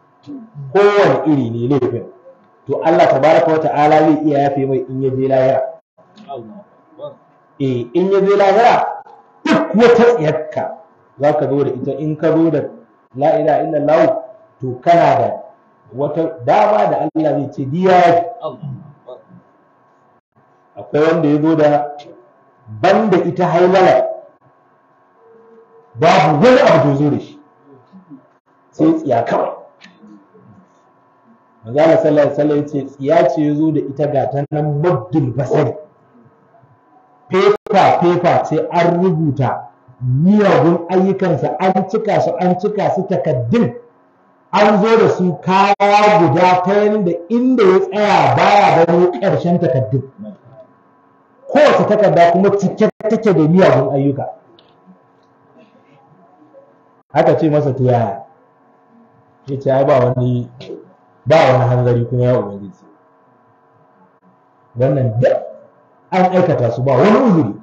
kowane iri ne laifin to Allah tabaraka wa ta'ala zai iya yafe mai in ya je lahira Eh, in ya zo lahira duk wata tsiyarka za ka zo da ita in ka zo da la ilaha lau to kana da wata dama da Allah zai ce diya akwai wanda ya zo da ban da ita hailala babu wani abu da zo da shi sai tsiya kawai manzala sallallahu alaihi wasallam ya ce tsiya ce ya zo da ita ga nan mabdul basari fefa fefa sai an rubuta miyagun ayyukansa an cika su an cika su takaddun an zo da su kaya guda ta yadda inda ya tsaya baya gano ƙarshen takaddun kowace takarda kuma cike take da miyagun ayyuka aka ce masa to yaya ya ce ai ba wani ba wani hanzari kuma ya ubangiji wannan duk an aikata su ba wani uzuri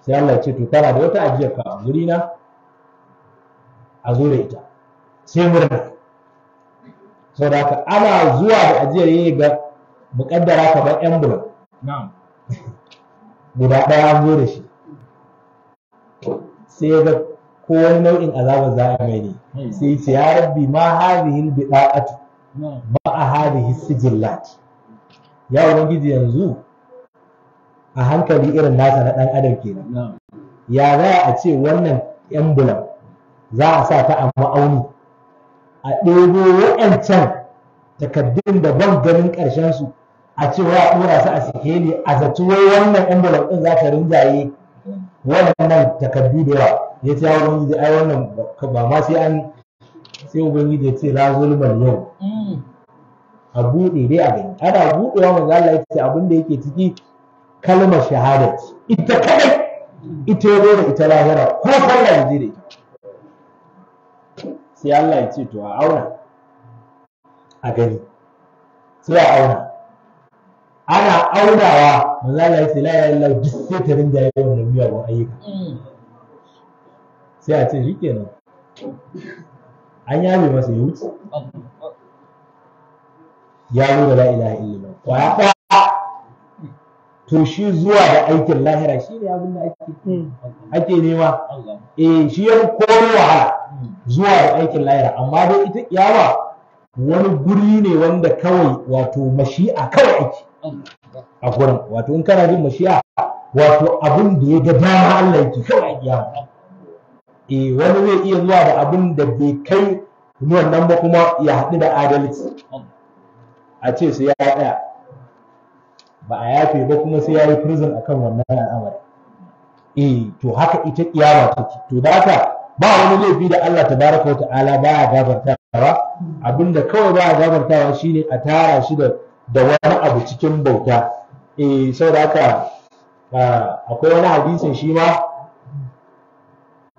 sai Allah ya ce to tana da wata ajiyar ka a guri na a zo da ita sai murna da haka ana zuwa da ajiyar yayi ga muƙaddara kamar envelope na'am guda ɗaya an zo da shi sai ya ga ko wani nau'in azabar za a mai ne hmm. sai ya ce ya rabbi ma hadhihi albida'atu ma hadhihi sijillati ya ubangiji yanzu a hankali irin nasa na ɗan adam kenan ya za a ce wannan emblem za a sa ta a ma'auni a ɗebo wa'ancan takardun da ban ganin ƙarshen su a ce wa ɗora su a sikeli a zato wannan emblem ɗin za ta rinjaye wannan takardu da yawa ya ce ya ubangiji ai wannan ba ma sai an sai ubangiji ya ce la zulmal yau mm. a buɗe dai a gani ana buɗewa manzo Allah yake abin da yake ciki kalmar shahada ita kadai ita ya da ita lahira ko sallah ya ji da sai Allah ya ce to a auna a gani sai a auna ana aunawa manzo Allah ya ce la ilaha illallah duk sai ta rinda yayin wannan miyagun ayyuka mm. sai a ce shikenan an yabe masa ya wuce ya zo da la ilaha illallah kwaya ɗaya to shi zuwa da aikin lahira shi ne abin da ake ake nema eh shi ya koyi wahala zuwa da aikin lahira amma dai ita kiyama wani guri ne wanda kawai wato mashi'a kawai ake a gurin wato in kana jin mashi'a wato abin da ya ga dama Allah yake kawai a kiyama eh wani zai iya zuwa da abin da bai kai wannan ba kuma ya haɗu da adalci a ce sai ya tsaya ba a yafe ba kuma sai ya yi prison akan wannan al'amari eh to haka ita kiyama take to da haka ba wani laifi da Allah baraka wa ta'ala ba ya gafartawa abinda kawai ba ya ba shine a tara shi da da wani abu cikin bauta eh saboda haka akwai wani hadisin shi ma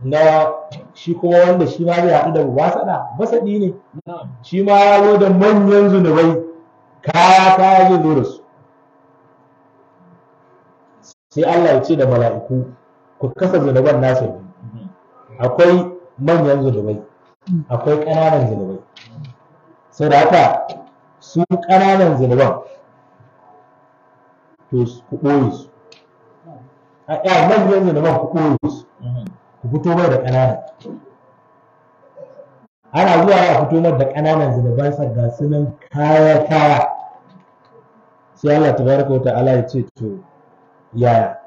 na shi kuma wanda shi ma zai haɗu da basada basadi ne shi ma ya zo da manyan zunubai kaya kaya zai zo da su sai Allah ya ce da mala'iku ku kasa zunuban nasa akwai manyan zunubai akwai ƙananan zunubai sau da haka su ƙananan zunuban to ku ɓoye su a manyan zunuban ku ɓoye su ku fito mai da ƙananan ana zuwa a fito mai da ƙananan zunuban sa ga sunan kaya kaya sai Allah tabaraka wa ta'ala ya ce to yaya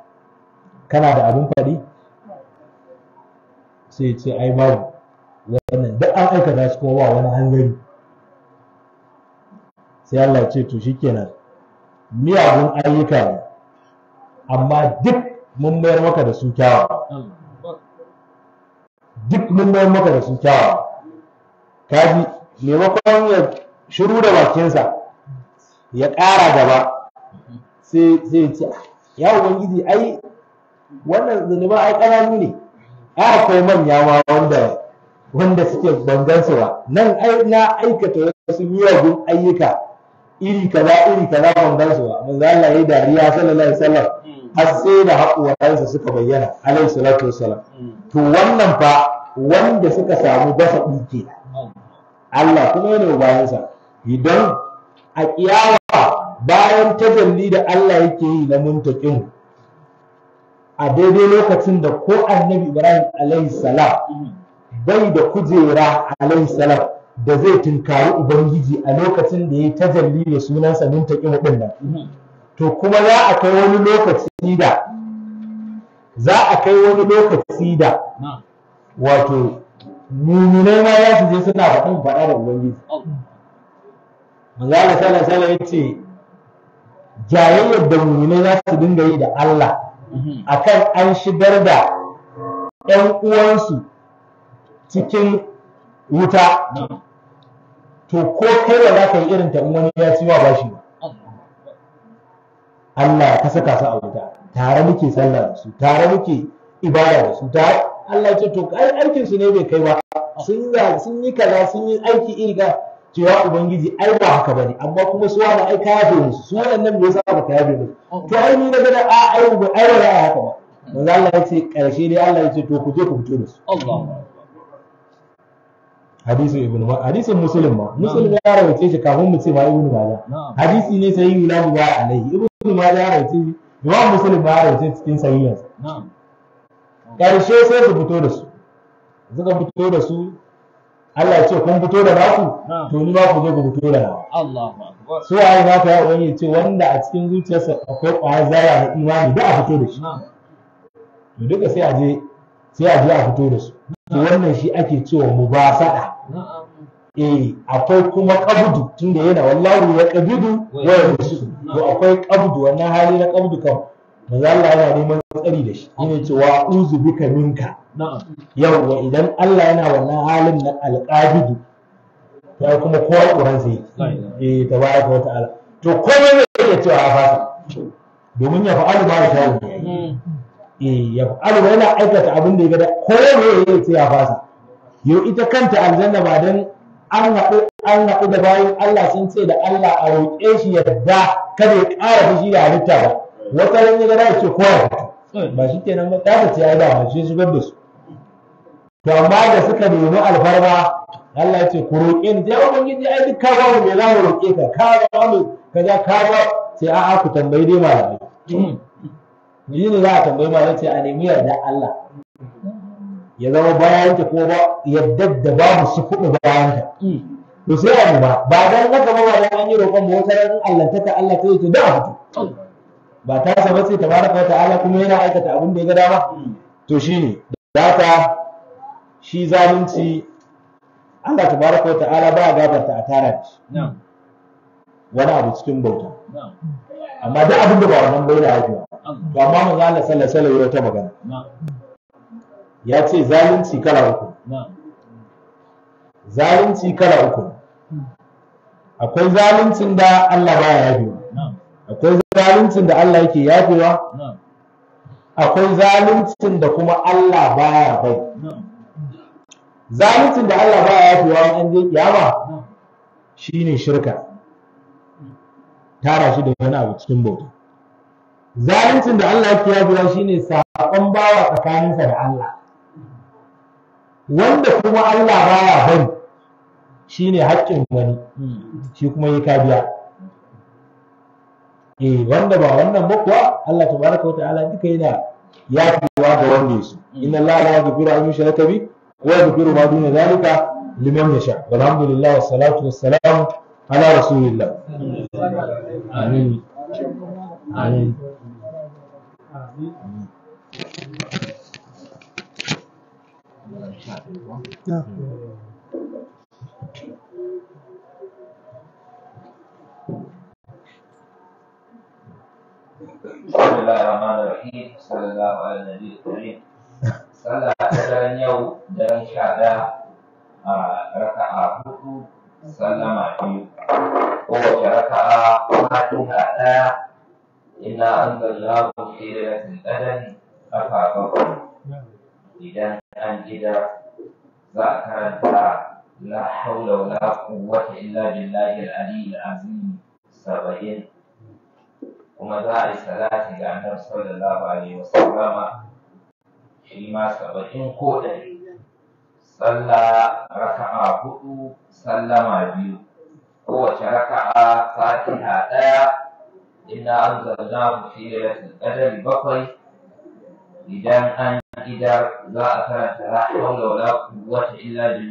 kana da abin faɗi sai ce ai babu wannan duk an aikata shi kuma ba wani hangari sai Allah ya ce to shikenan miyagun ayyuka ne amma duk mun mayar maka da su kyawa duk mun mayar maka da su kyawa kaji maimakon ya shiru da bakinsa ya ƙara gaba sai sai ce ya ubangiji ai wannan zunuba ai ƙananu ne a akwai manya ma wanda wanda suke bangan su ba nan ai na aikata wasu miyagun ayyuka iri kaza iri kaza bangan su ba manzo Allah ya dariya sallallahu alaihi wasallam har sai da haƙuransa suka bayyana alaihi salatu wassalam to wannan fa wanda suka samu gasa ɗin ke? Allah kuma yana bayansa idan a kiyawa bayan tajalli da Allah yake yi na muntakin a daidai lokacin da ko annabi Ibrahim alaihi salam bai da kujera alaihi salam da zai tunkari ubangiji a lokacin da ya tajalli da sunansa muntakin din nan to kuma za a kai wani lokaci da za a kai wani lokaci da wato muminai ma za su je suna faɗin faɗa da ubangiji oh. manzala sallallahu alaihi ya yace jayayyar da mu'mini za su dinga yi da Allah mhm. akan an shigar da ƴan uwansu cikin wuta to ko kai ba za ka yi irin ta wani ya ci wa bashi ba Allah ka saka su a wuta tare muke sallah da su tare muke ibada da su tare Allah ya ce to ai aikin su ne bai kai ba sun yi kaza sun yi aiki iri cewa ubangiji ai ba haka bane amma kuma su wani ai ka yafe su, su waɗannan bai sa ba ka yafe musu to ai ni na gada a ai ba ai ba za a haka ba manzo Allah ya ce karshe dai Allah ya ce to ku je ku fito da su Hadisi Ibn ma hadisin muslim ma muslim ya rawace shi kafin mu ce ma Ibn maja hadisi ne sai yuna bu ba alaihi Ibn maja ya rawace shi imam muslim ma ya rawace cikin sahihansa karshe sai su fito da su suka fito da su Allah ce kun fito da naku to ni ma ku zo ku fito da nawa Allahu akbar so ai ba ka yawo ce wanda a cikin zuciyarsa akwai ƙwayar zara da imani da a fito da shi to duka sai a je sai a je a fito da su to wannan shi ake cewa mubasada eh akwai kuma qabdu tunda yana wallahi ya qabdu wa yusu to akwai qabdu wannan hali na qabdu kan manzo Allah yana neman tsari da shi yana cewa uzu bika minka yawwa idan Allah yana wannan halin na alqabidu ya kuma kowa ƙuran sai eh tabaraka wa ta'ala to komai zai iya cewa a fasa domin ya fa'alu ma ya shawo hmm. eh ya fa'alu yana aikata abin da ya gada komai ya cewa a fasa yau ita kanta aljanna ba dan an haɗu an haɗu da bayan Allah sun ce da Allah a roƙe shi yadda kada ya ƙara fushi da halitta ba wata ran ya ga ya ce kowa hmm. ba shi kenan ba ta ce ya yi ba shi shigar da su to amma da suka nemi alfarma Allah ya ce ku roƙe ni ya ubangiji ai duk ka ba mu me za mu roƙe ka ka ba mu kaza ka ba sai a'a ku tambayi dai malamai yi hmm. ne za a tambayi malamai ce a nemi yarda Allah ya zama bayan ta ko ba yadda da babu su kuɗi bayan ta hmm. to sai a ba ba dan haka ba ba dan an yi roƙon mu wata ran Allah ta Allah ta yi to da ba ta saba sai tabaraka wa ta'ala kuma yana aikata abin da ya ga dama to shine ta shi zalunci Allah tabaraka wa ta'ala ba gabar ta a tara da wani abu cikin bauta amma duk abin da ba wannan bai da haihuwa to amma manzo Allah sallallahu alaihi wasallam magana ya ce zalunci kala uku zalunci kala uku akwai zaluncin da Allah ya yafe akwai zaluncin da Allah yake yafewa akwai zaluncin da kuma Allah baya bai zaluncin da Allah baya yafewa an je kiyama shine shirka tara shi da wani abu cikin bauta zaluncin da Allah yake yafewa shine sakon bawa tsakaninsa da Allah wanda kuma Allah baya bai shine haƙƙin wani hmm. shi kuma yi kabiya eh wanda ba wannan ba kuwa Allah tabaraka wa ta'ala duka yana yafiwa ga wanda yaso inna Allah la yaghfiru an yushraka bi wa yaghfiru ma duna zalika liman yasha walhamdulillah wassalatu wassalamu ala rasulillah amin amin amin بسم الله الرحمن الرحيم صلى الله على النبي الكريم صلى daren yau daren sha ɗaya a raka'a hudu sallama biyu kowace raka'a fatiha ɗaya ina an zalla ku fi lailatul qadari kafa bakwai idan an gida za a karanta la haula wala illa saba'in kuma za a yi salati ga annabi sallallahu alaihi wasallama shi ma saba'in ko ɗari sallah raka'a hudu sallama biyu kowace raka'a fatiha ɗaya inna anzalnahu fi lailatul qadri bakwai idan an idar za a karanta la hawla wala quwwata illa billah